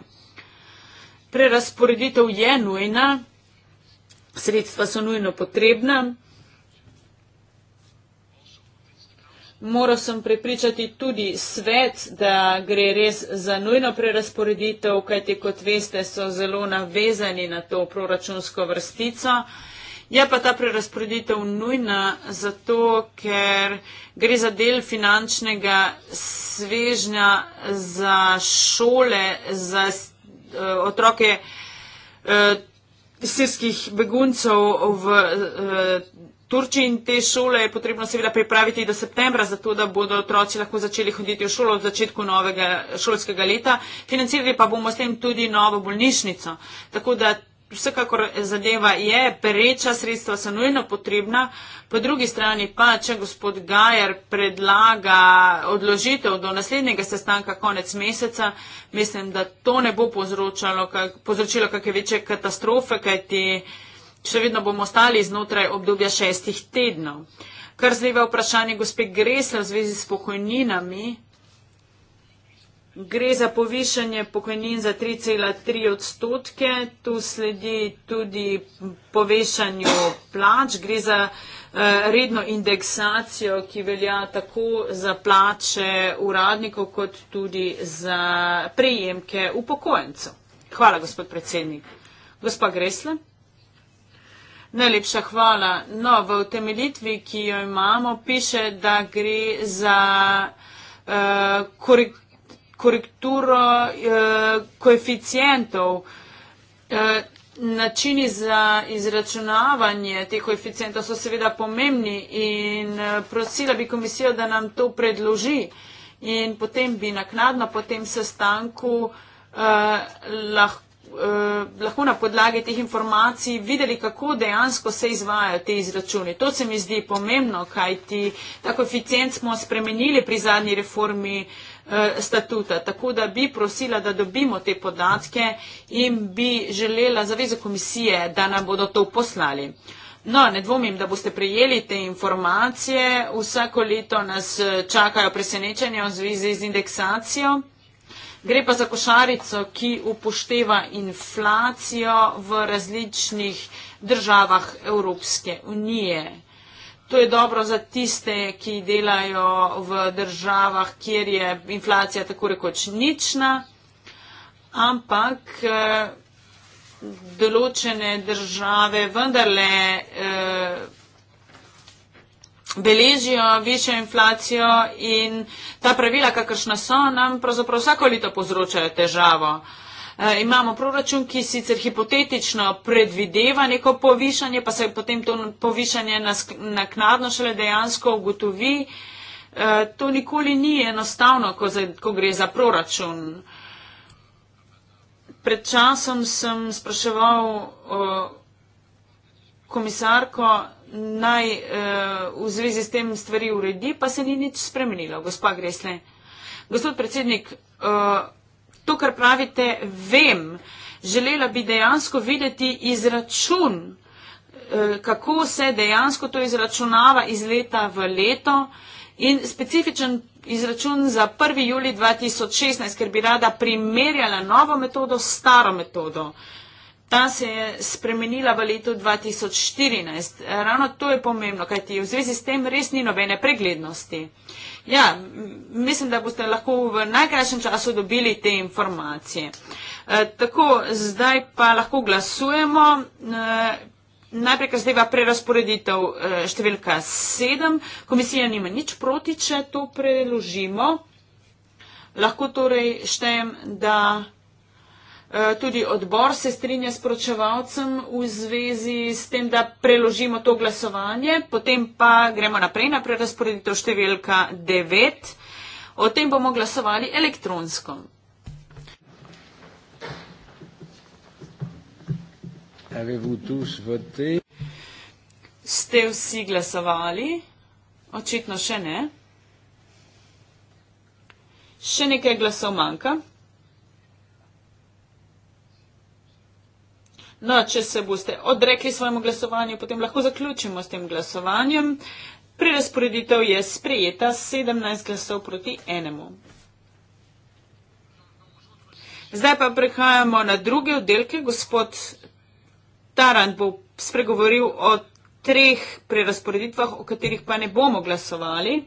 Prerasporeditev je nujna, sredstva so nujno potrebna. Moral sem prepričati tudi svet, da gre res za nujno prerasporeditev, kajti kot veste, so zelo navezani na to proračunsko vrstico. Je pa ta prerasporeditev nujna, zato ker gre za del finančnega svežnja za šole, za uh, otroke uh, sirskih beguncev v uh, Turčiji in te šole je potrebno seveda pripraviti do septembra, zato da bodo otroci lahko začeli hoditi v šolo od začetku novega šolskega leta. Financirali pa bomo s tem tudi novo bolnišnico vsekakor zadeva je, pereča sredstva so nujno potrebna, po drugi strani pa, če gospod Gajer predlaga odložitev do naslednjega sestanka konec meseca, mislim, da to ne bo povzročilo kak, kakve večje katastrofe, kajti še vedno bomo ostali znotraj obdobja šestih tednov. Kar zdaj je vprašanje gospe Gresla v zvezi s pokojninami, Gre za povišanje pokojnin za 3,3 odstotke, tu sledi tudi povešanju plač, gre za eh, redno indeksacijo, ki velja tako za plače uradnikov, kot tudi za prejemke upokojencev. Hvala, gospod predsednik. Gospa Gresle. Najlepša hvala. No, v utemeljitvi, ki jo imamo, piše, da gre za uh, eh, korektiv korekturo eh, koeficijentov, eh, načini za izračunavanje teh koeficijentov so seveda pomembni in eh, prosila bi komisijo, da nam to predloži in potem bi naknadno po tem sestanku eh, lahko eh, lahko na podlagi teh informacij videli, kako dejansko se izvajajo te izračuni. To se mi zdi pomembno, kajti ta koeficient smo spremenili pri zadnji reformi eh, Eh, statuta. Tako da bi prosila, da dobimo te podatke in bi želela zaveze komisije, da nam bodo to poslali. No, ne dvomim, da boste prejeli te informacije. Vsako leto nas eh, čakajo presenečenja v zvezi z indeksacijo. Gre pa za košarico, ki upošteva inflacijo v različnih državah Evropske unije. To je dobro za tiste, ki delajo v državah, kjer je inflacija tako rekoč nična, ampak eh, določene države vendarle eh, beležijo večjo inflacijo in ta pravila, kakršna so, nam pravzaprav vsako leto povzročajo težavo. Uh, Eh, imamo proračun, ki sicer hipotetično predvideva neko povišanje, pa se potem to povišanje naknadno šele dejansko ugotovi. Eh, to nikoli ni enostavno, ko gre za proračun. Pred časom sem spraševal eh, komisarko naj v zvezi s tem stvari uredi, pa se ni nič spremenilo, gospa Gresle. Gospod predsednik, to, kar pravite, vem. Želela bi dejansko videti izračun, eh, kako se dejansko to izračunava iz leta v leto in specifičen izračun za 1. juli 2016, ker bi rada primerjala novo metodo s staro metodo. Ta se je spremenila v letu 2014. Ravno to je pomembno, kajti v zvezi s tem res ni nobene preglednosti. Uh, Ja, mislim, da boste lahko v najkrajšem času dobili te informacije. E, tako, zdaj pa lahko glasujemo. E, najprej, kar zdaj pa prerasporeditev e, številka 7. Komisija nima nič proti, če to preložimo. Lahko torej štejem, da. Eh, tudi odbor se strinja s pročevalcem v zvezi s tem, da preložimo to glasovanje. Potem pa gremo naprej na prerasporeditev številka 9. O tem bomo glasovali elektronsko. Ste vsi glasovali? Očitno še ne. Še nekaj glasov manjka. No, če se boste odrekli svojemu glasovanju, potem lahko zaključimo s tem glasovanjem. Prerasporeditev je sprejeta 17 glasov proti enemu. Zdaj pa prehajamo na druge oddelke. Gospod Tarant bo spregovoril o treh prerasporeditvah, o katerih pa ne bomo glasovali.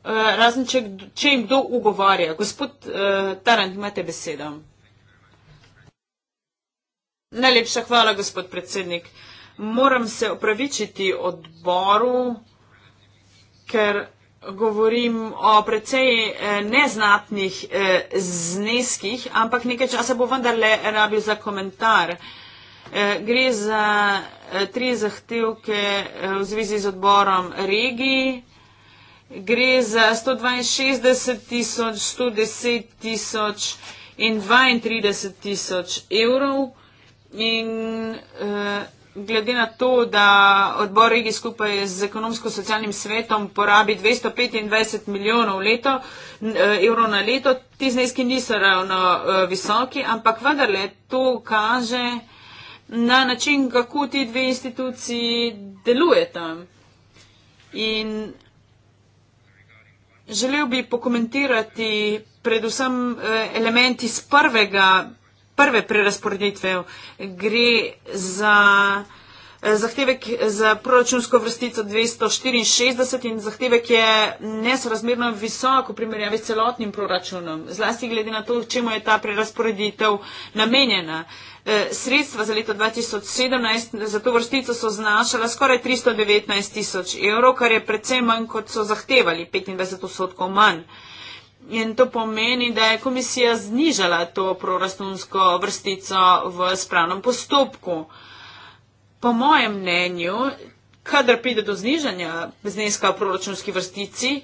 Eh, razen, če, če jim kdo ugovarja. Gospod uh, Tarant, imate besedo. Najlepša hvala, gospod predsednik. Moram se opravičiti odboru, ker govorim o precej eh, neznatnih eh, zneskih, ampak nekaj časa bo vendarle rabil za komentar. Eh, gre za tri zahtevke v zvezi z odborom regiji. Gre za 162 tisoč, 110 tisoč in 32 tisoč evrov. In uh, glede na to, da odbor Rigi skupaj z ekonomsko-socialnim svetom porabi 225 milijonov leto, uh, evrov na leto, ti zneski niso ravno uh, visoki, ampak vendarle to kaže na način, kako ti dve instituciji delujeta. In želel bi pokomentirati predvsem uh, elementi iz prvega prve prerasporeditve gre za eh, zahtevek za proračunsko vrstico 264 in zahtevek je nesrazmerno visok v primerjavi s celotnim proračunom, zlasti glede na to, čemu je ta prerasporeditev namenjena. Eh, sredstva za leto 2017 za to vrstico so znašala skoraj 319 tisoč evrov, kar je predvsem manj, kot so zahtevali, 25 odstotkov manj. In to pomeni, da je komisija znižala to proračunsko vrstico v spravnem postopku. Po mojem mnenju, kadar pride do znižanja zneska v proračunski vrstici,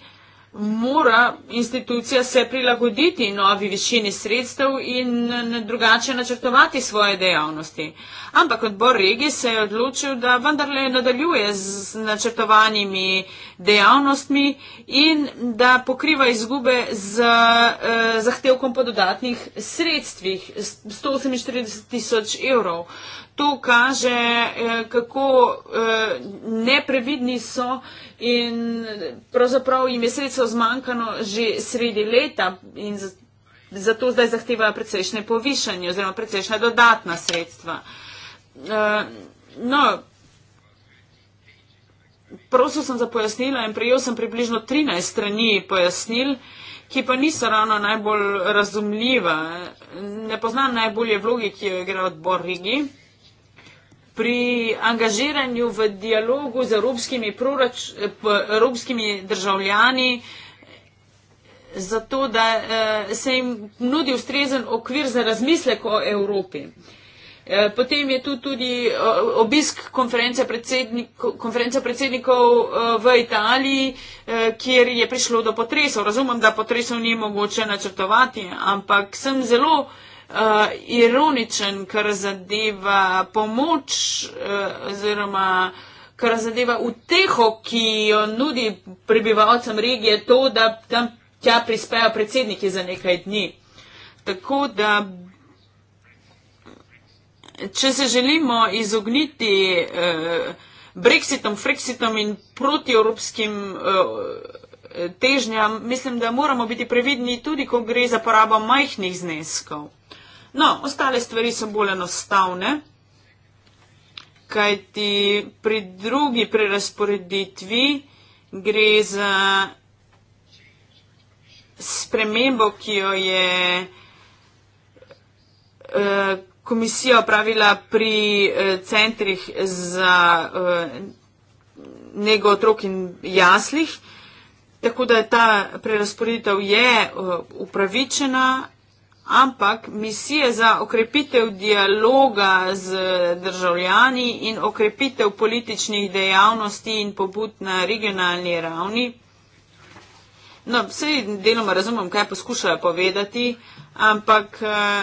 mora institucija se prilagoditi novi višini sredstev in drugače načrtovati svoje dejavnosti. Ampak odbor regije se je odločil, da vendarle nadaljuje z načrtovanimi dejavnostmi in da pokriva izgube z eh, zahtevkom po dodatnih sredstvih 148 tisoč evrov to kaže, eh, kako eh, neprevidni so in pravzaprav jim je sredstvo zmanjkano že sredi leta in zato zdaj zahtevajo precejšnje povišanje oziroma precejšnja dodatna sredstva. Eh, no, prosil sem za pojasnila in prejel sem približno 13 strani pojasnil ki pa niso ravno najbolj razumljiva. Ne poznam najbolje vloge, ki jo igra odbor Rigi pri angažiranju v dialogu z evropskimi, proroč, eh, p, evropskimi državljani, zato da eh, se jim nudi ustrezen okvir za razmislek o Evropi. Eh, potem je tu tudi eh, obisk konference, predsednik, konference predsednikov v Italiji, kjer je prišlo do potresov. Razumem, da potresov ni mogoče načrtovati, ampak sem zelo uh, uh, ironičen, kar zadeva pomoč uh, oziroma kar zadeva uteho, ki jo nudi prebivalcem regije, to, da tam tja prispejo predsedniki za nekaj dni. Tako da, če se želimo izogniti uh, Brexitom, Frexitom in protievropskim uh, težnja, mislim, da moramo biti previdni tudi, ko gre za porabo majhnih zneskov. No, ostale stvari so bolj enostavne, kajti pri drugi prerasporeditvi gre za spremembo, ki jo je eh, komisija opravila pri eh, centrih za eh, nego otrok in jaslih. Tako da ta prerasporeditev je eh, upravičena, ampak misije za okrepitev dialoga z državljani in okrepitev političnih dejavnosti in pobud na regionalni ravni. No, vsej deloma razumem, kaj poskušajo povedati, ampak eh,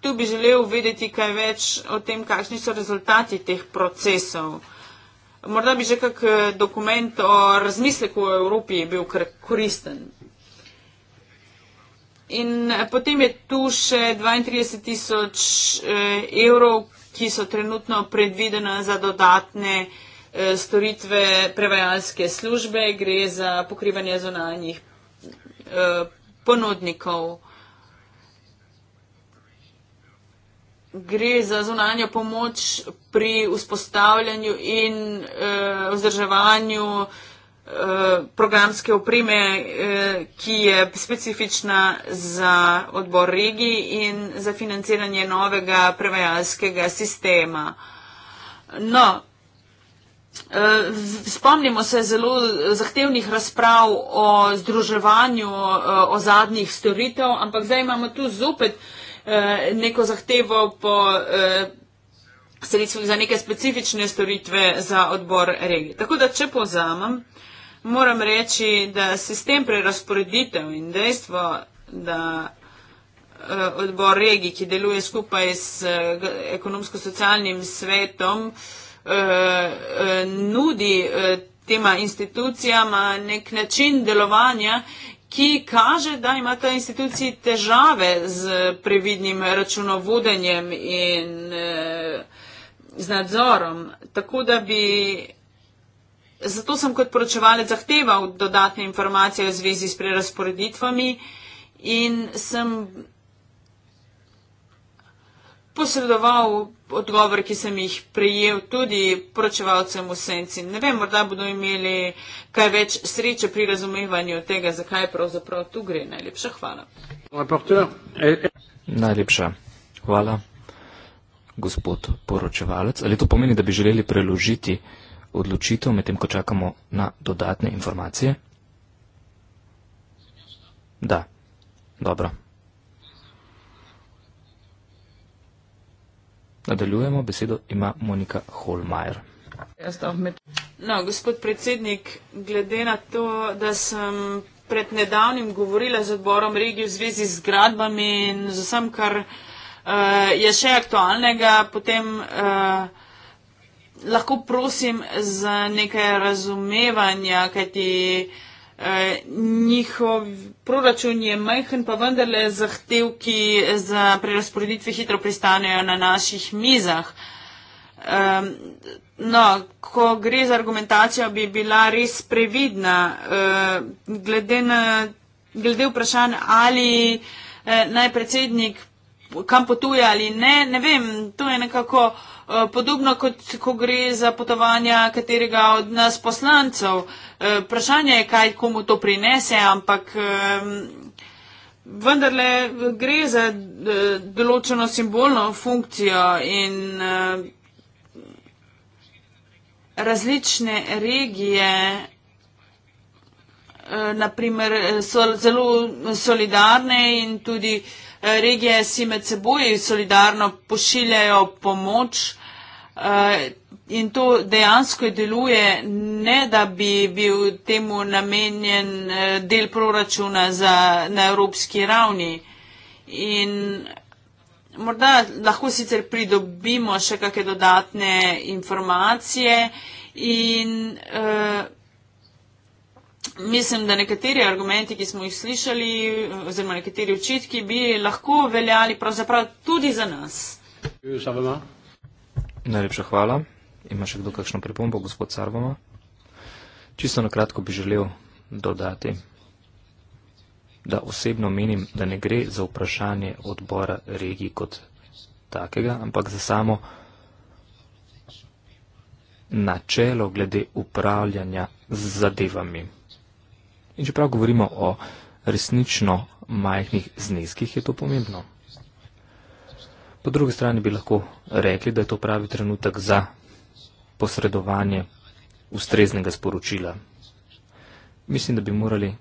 tu bi želel vedeti kaj več o tem, kakšni so rezultati teh procesov. Morda bi že kak eh, dokument o razmisleku v Evropi bil koristen. In eh, potem je tu še 32 tisoč eh, evrov, ki so trenutno predvidena za dodatne storitve prevajalske službe. Gre za pokrivanje zonalnih ponudnikov. gre za zunanjo pomoč pri vzpostavljanju in uh, vzdrževanju uh, programske opreme, uh, ki je specifična za odbor regij in za financiranje novega prevajalskega sistema. No, Spomnimo se zelo zahtevnih razprav o združevanju, o zadnjih storitev, ampak zdaj imamo tu zopet uh, Eh, neko zahtevo po eh, sredstvih za neke specifične storitve za odbor regije. Tako da, če povzamem, moram reči, da sistem prerasporeditev in dejstvo, da eh, odbor regij, ki deluje skupaj s eh, ekonomsko-socialnim svetom, eh, eh, nudi. Eh, tema institucijama, nek način delovanja ki kaže, da ima ta institucija težave z previdnim računovodenjem in eh, z nadzorom. Tako da bi. Zato sem kot poročevalec zahteval dodatne informacije v zvezi s prerasporeditvami in sem posredoval odgovor, ki sem jih prejel tudi poročevalcem v senci. Ne vem, morda bodo imeli kaj več sreče pri razumevanju tega, zakaj pravzaprav tu gre. Najlepša hvala. E, e. Najlepša hvala, gospod poročevalec. Ali to pomeni, da bi želeli preložiti odločitev, medtem ko čakamo na dodatne informacije? Da. Dobro. Nadaljujemo, besedo ima Monika Holmajer. No, gospod predsednik, glede na to, da sem pred nedavnim govorila z odborom regije v zvezi z gradbami in z vsem, kar uh, je še aktualnega, potem uh, lahko prosim za nekaj razumevanja, kajti uh, njih proračun je majhen, pa vendarle zahtevki za prerasporeditve hitro pristanejo na naših mizah. Um, no, ko gre za argumentacijo, bi bila res previdna uh, glede, na, glede vprašanj, ali eh, naj predsednik kam potuje ali ne. Ne vem, to je nekako. Uh, Eh, podobno kot ko gre za potovanja katerega od nas poslancev. Eh, vprašanje je, kaj komu to prinese, ampak ehm, vendarle gre za eh, določeno simbolno funkcijo in različne regije. Naprimer, so zelo solidarne in tudi regije si med seboj solidarno pošiljajo pomoč. Eh, in to dejansko deluje, ne da bi bil temu namenjen eh, del proračuna za, na evropski ravni. In morda lahko sicer pridobimo še kakšne dodatne informacije in eh, Mislim, da nekateri argumenti, ki smo jih slišali, oziroma nekateri očitki, bi lahko veljali pravzaprav tudi za nas. Hvala. Najlepša hvala. Ima še kdo kakšno pripombo, gospod Sarvoma? Čisto na kratko bi želel dodati, da osebno menim, da ne gre za vprašanje odbora regij kot takega, ampak za samo načelo glede upravljanja z zadevami. In čeprav govorimo o resnično majhnih zneskih, je to pomembno. Po drugi strani bi lahko rekli, da je to pravi trenutek za posredovanje ustreznega sporočila. Mislim, da bi morali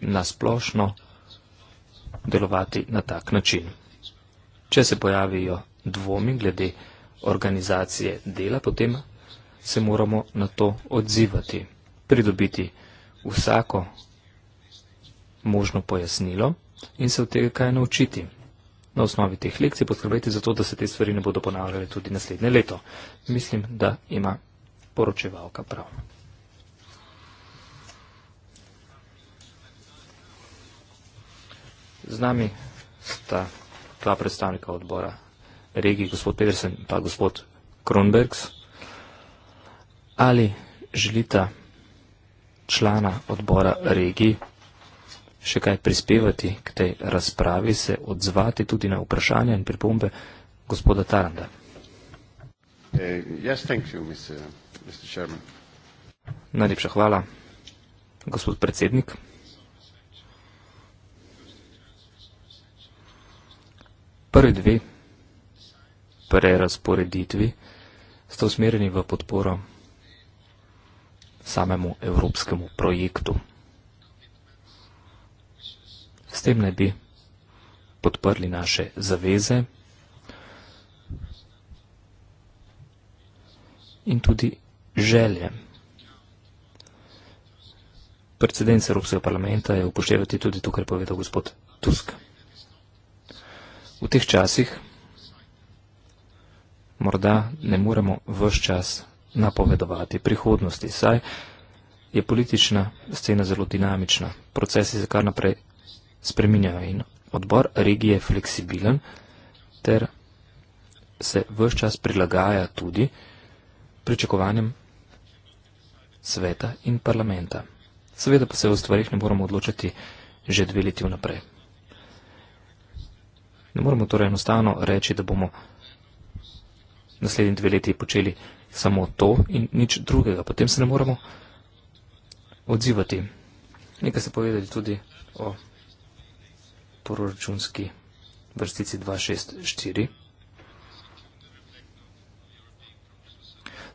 nasplošno delovati na tak način. Če se pojavijo dvomi glede organizacije dela, potem se moramo na to odzivati, pridobiti vsako možno pojasnilo in se od tega kaj naučiti. Na osnovi teh lekcij poskrbeti za to, da se te stvari ne bodo ponavljale tudi naslednje leto. Mislim, da ima poročevalka prav. Z nami sta dva predstavnika odbora regij, gospod Pedersen in pa gospod Kronbergs. Ali želita člana odbora regij še kaj prispevati k tej razpravi, se odzvati tudi na vprašanja in pripombe gospoda Taranda. Uh, yes, you, Mr. Mr. Najlepša hvala, gospod predsednik. Prvi dve prerasporeditvi sta usmerjeni v podporo samemu evropskemu projektu. S tem naj bi podprli naše zaveze in tudi želje. Predsednica Evropskega parlamenta je upoštevati tudi to, kar je povedal gospod Tusk. V teh časih morda ne moremo vse čas napovedovati prihodnosti, saj je politična scena zelo dinamična, procesi se kar naprej spreminjajo in odbor regije je fleksibilen ter se vse čas prilagaja tudi pričakovanjem sveta in parlamenta. Seveda pa se o stvarih ne moramo odločati že dve leti vnaprej. Ne moramo torej enostavno reči, da bomo naslednji dve leti počeli samo to in nič drugega. Potem se ne moramo odzivati. Nekaj se povedali tudi o proračunski vrstici 264.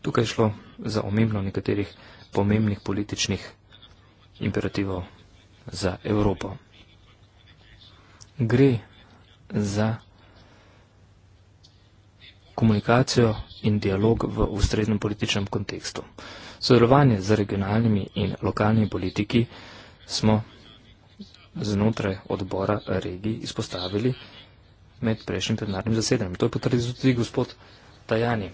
Tukaj je šlo za omembno nekaterih pomembnih političnih imperativov za Evropo. Gre za komunikacijo in dialog v ustreznem političnem kontekstu. Sodelovanje z regionalnimi in lokalnimi politiki smo znotraj odbora regij izpostavili med prejšnjim plenarnim zasedanjem. To je potrdil tudi gospod Tajani.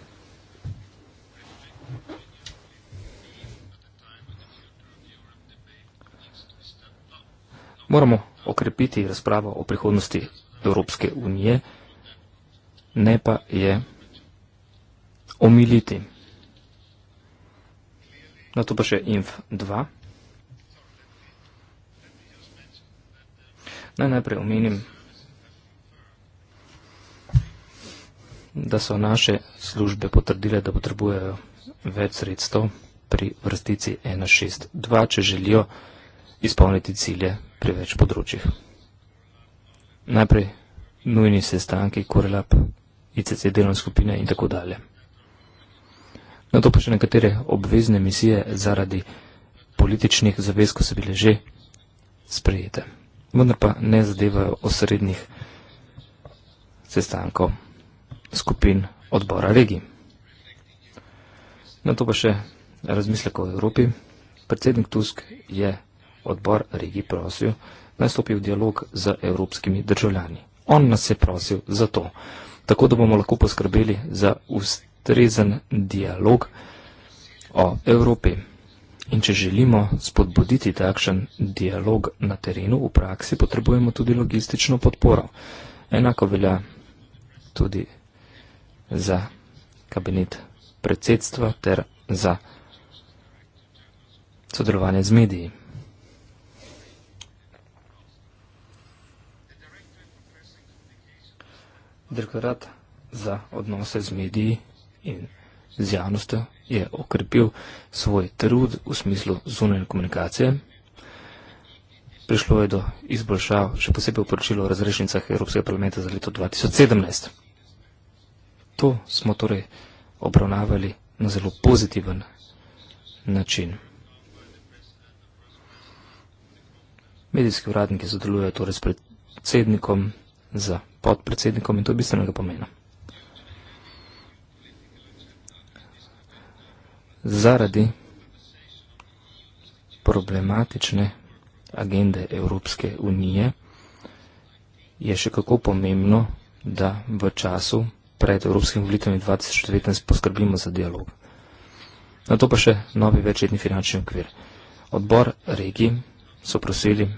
Moramo okrepiti razpravo o prihodnosti Evropske unije, ne pa je omiliti. Na to pa še INF 2. Naj najprej omenim, da so naše službe potrdile, da potrebujejo več sredstev pri vrstici 1.6.2, če želijo izpolniti cilje pri več področjih. Najprej nujni sestanki, korelap, ICC delovne skupine in tako dalje. Na to pa še nekatere obvezne misije zaradi političnih zavez, ko so bile že sprejete vendar pa ne zadevajo osrednjih sestankov skupin odbora regij. Na to pa še razmisleko v Evropi. Predsednik Tusk je odbor regij prosil, naj stopi v dialog z evropskimi državljani. On nas je prosil za to, tako da bomo lahko poskrbeli za ustrezen dialog o Evropi. In če želimo spodbuditi takšen dialog na terenu, v praksi, potrebujemo tudi logistično podporo. Enako velja tudi za kabinet predsedstva ter za sodelovanje z mediji. Direktorat za odnose z mediji in z javnostjo je okrepil svoj trud v smislu zunanje komunikacije. Prišlo je do izboljšav, še posebej v poročilu o razrešnicah Evropskega parlamenta za leto 2017. To smo torej obravnavali na zelo pozitiven način. Medijski uradniki sodelujejo torej s predsednikom, z podpredsednikom in to je bistvenega pomena. zaradi problematične agende Evropske unije je še kako pomembno, da v času pred Evropskim volitvami 2019 poskrbimo za dialog. Na to pa še novi večletni finančni okvir. Odbor regij so prosili,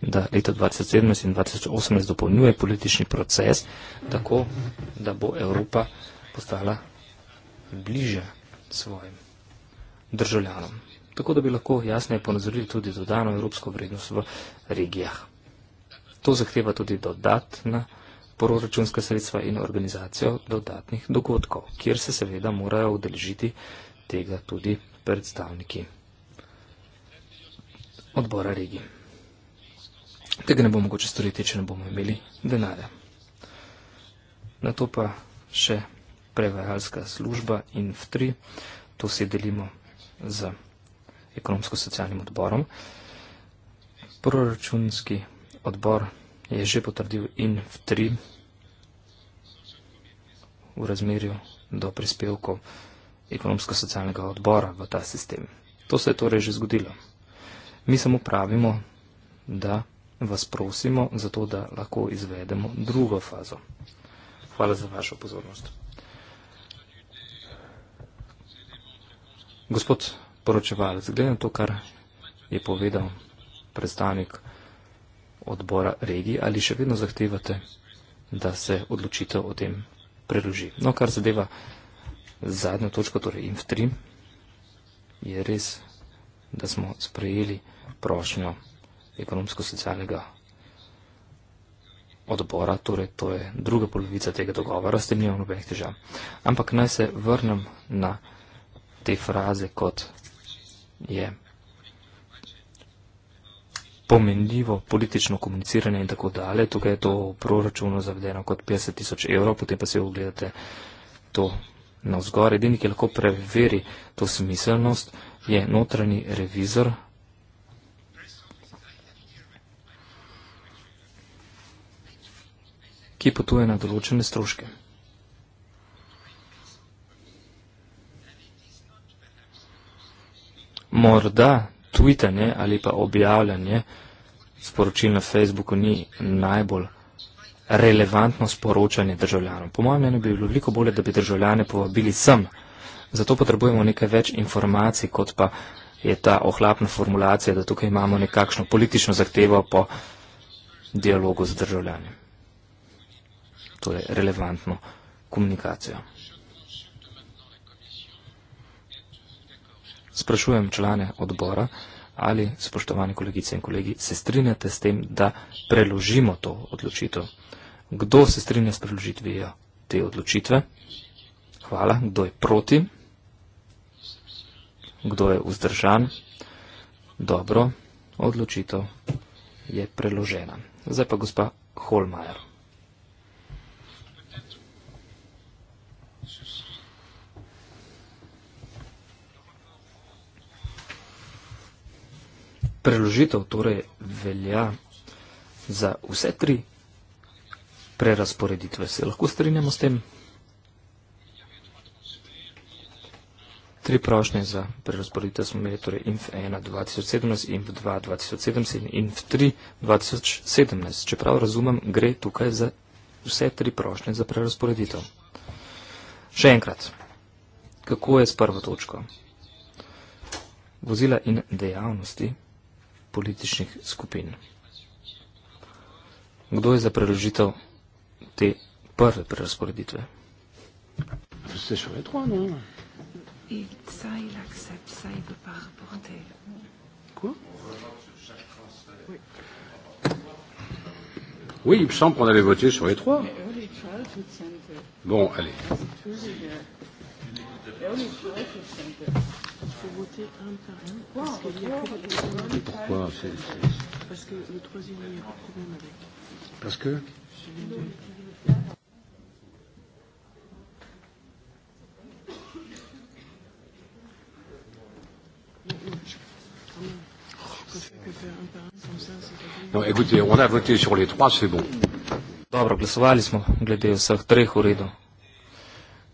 da leta 2017 in 2018 dopolnjuje politični proces tako, da bo Evropa postala bliže svojim državljanom. Tako da bi lahko jasneje ponazorili tudi dodano evropsko vrednost v regijah. To zahteva tudi dodatna proračunska sredstva in organizacijo dodatnih dogodkov, kjer se seveda morajo udeležiti tega tudi predstavniki odbora regij. Tega ne bo mogoče storiti, če ne bomo imeli denarja. Na to pa še prevajalska služba in v tri, to si delimo z ekonomsko-socialnim odborom. Proračunski odbor je že potrdil in v tri v razmerju do prispevkov ekonomsko-socialnega odbora v ta sistem. To se je torej že zgodilo. Mi samo pravimo, da vas prosimo za to, da lahko izvedemo drugo fazo. Hvala za vašo pozornost. Gospod poročevalec, gledam to, kar je povedal predstavnik odbora regije, ali še vedno zahtevate, da se odločitev o tem preloži. No, kar zadeva zadnjo točko, torej INF3, je res, da smo sprejeli prošnjo ekonomsko-socialnega odbora, torej to je druga polovica tega dogovora, s tem nimam nobenih težav. Ampak naj se vrnem na te fraze, kot je pomenljivo politično komuniciranje in tako dalje. Tukaj je to v proračunu zavedeno kot 50 tisoč evrov, potem pa si ogledate to na vzgor. Edini, ki lahko preveri to smiselnost, je notranji revizor. ki potuje na določene stroške. morda tweetanje ali pa objavljanje sporočil na Facebooku ni najbolj relevantno sporočanje državljanov. Po mojem mnenju bi bilo veliko bolje, da bi državljane povabili sem. Zato potrebujemo nekaj več informacij, kot pa je ta ohlapna formulacija, da tukaj imamo nekakšno politično zahtevo po dialogu z državljani. To torej, je relevantno komunikacijo. sprašujem člane odbora, ali, spoštovani kolegice in kolegi, se strinjate s tem, da preložimo to odločitev. Kdo se strinja s preložitvijo te odločitve? Hvala. Kdo je proti? Kdo je vzdržan? Dobro, odločitev je preložena. Zdaj pa gospa Holmajer. preložitev torej velja za vse tri prerasporeditve. Se lahko strinjamo s tem? Tri prošnje za prerasporeditev smo imeli, torej INF 1 2017, INF 2 2017 in INF 3 2017. Čeprav razumem, gre tukaj za vse tri prošnje za prerasporeditev. Še enkrat, kako je s prvo točko? Vozila in dejavnosti političnih skupin. Kdo je za preložitev te prve prerasporeditve? Oui, il me semble qu'on allait voter sur les trois. Bon, allez. Pourquoi Parce que le troisième, il y a un problème avec. Parce que Non, écoutez, on a voté sur les trois, c'est bon. Добре, гласували сме, гледа и всех трех уридо.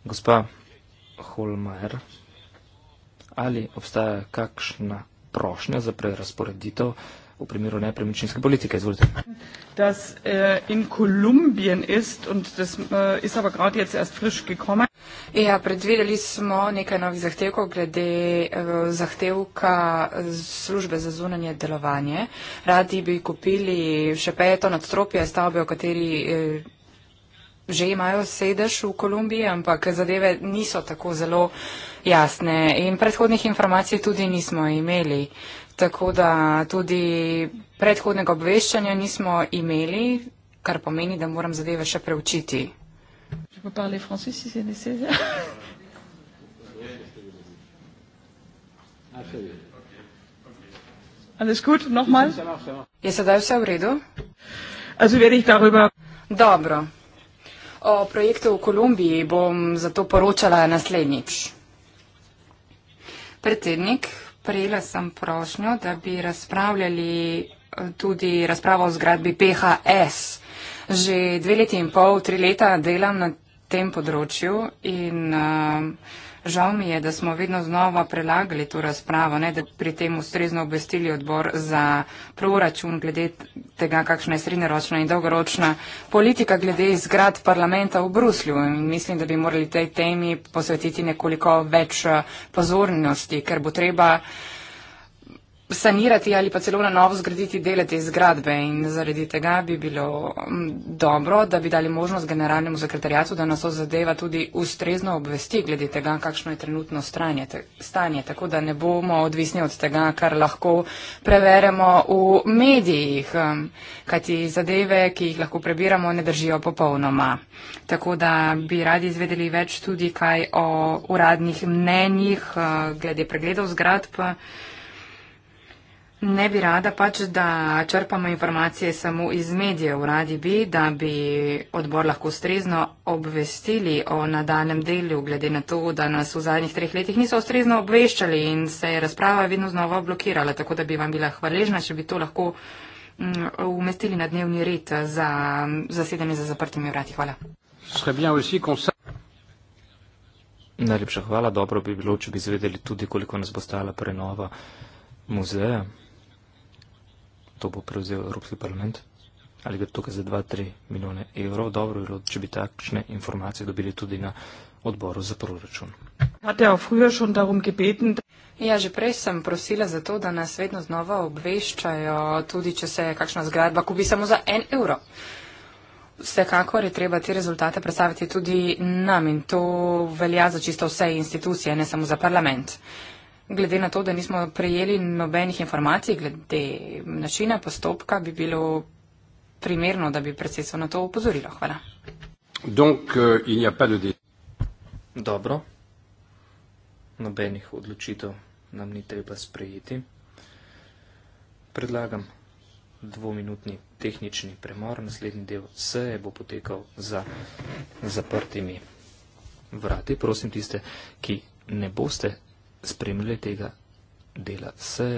Господа. Holmer, ali obstaja kakšna prošnja za prerasporeditev v primeru nepremičninske politike? Izvolite. Das äh, in Kolumbien ist und das äh, ist aber gerade jetzt erst frisch gekommen. Ja, predvideli smo nekaj novih zahtevkov glede uh, zahtevka službe za zunanje delovanje. Radi bi kupili še peto nadstropje stavbe, v kateri uh, že imajo sedež v Kolumbiji, ampak zadeve niso tako zelo jasne in predhodnih informacij tudi nismo imeli. Tako da tudi predhodnega obveščanja nismo imeli, kar pomeni, da moram zadeve še preučiti. Je sedaj vse v redu? Dobro. O projektu v Kolumbiji bom zato poročala naslednjič. Predsednik, prejela sem prošnjo, da bi razpravljali eh, tudi razpravo o zgradbi PHS. Že dve leti in pol, tri leta delam na tem področju in uh, Žal mi je, da smo vedno znova prelagali to razpravo, ne, da pri tem ustrezno obvestili odbor za proračun glede tega, kakšna je srednjeročna in dolgoročna politika glede izgrad parlamenta v Bruslju. In mislim, da bi morali tej temi posvetiti nekoliko več eh, pozornosti, ker bo treba sanirati ali pa celo na novo zgraditi dele te zgradbe in zaradi tega bi bilo mm, dobro, da bi dali možnost generalnemu sekretarjatu, da nas o zadeva tudi ustrezno obvesti glede tega, kakšno je trenutno stranje, stanje, tako da ne bomo odvisni od tega, kar lahko preveremo v medijih, mm, kajti zadeve, ki jih lahko prebiramo, ne držijo popolnoma. Tako da bi radi izvedeli več tudi kaj o uradnih mnenjih mm, glede pregledov zgradb. Ne bi rada pač, da črpamo informacije samo iz medijev. Radi bi, da bi odbor lahko ustrezno obvestili o nadaljem delu, glede na to, da nas v zadnjih treh letih niso ustrezno obveščali in se je razprava vedno znova blokirala. Tako da bi vam bila hvaležna, če bi to lahko mm, umestili na dnevni red za zasedanje za zaprtimi vrati. Hvala. Ja Najlepša hvala. Dobro bi bilo, če bi izvedeli tudi, koliko nas bo stala prenova muzeja to bo prevzel Evropski parlament? Ali gre tukaj za 2-3 milijone evrov? Dobro bi bilo, če bi takšne informacije dobili tudi na odboru za proračun. Ja, že prej sem prosila za to, da nas vedno znova obveščajo, tudi če se kakšna zgradba kupi samo za en evro. Vsekakor je treba te rezultate predstaviti tudi nam in to velja za čisto vse institucije, ne samo za parlament. Glede na to, da nismo prejeli nobenih informacij glede načina postopka, bi bilo primerno, da bi predsedstvo na to upozorilo. Hvala. Donc, uh, Dobro. Nobenih odločitev nam ni treba sprejeti. Predlagam dvominutni tehnični premor. Naslednji del se bo potekal za zaprtimi vrati. Prosim tiste, ki ne boste spremljali tega dela seje.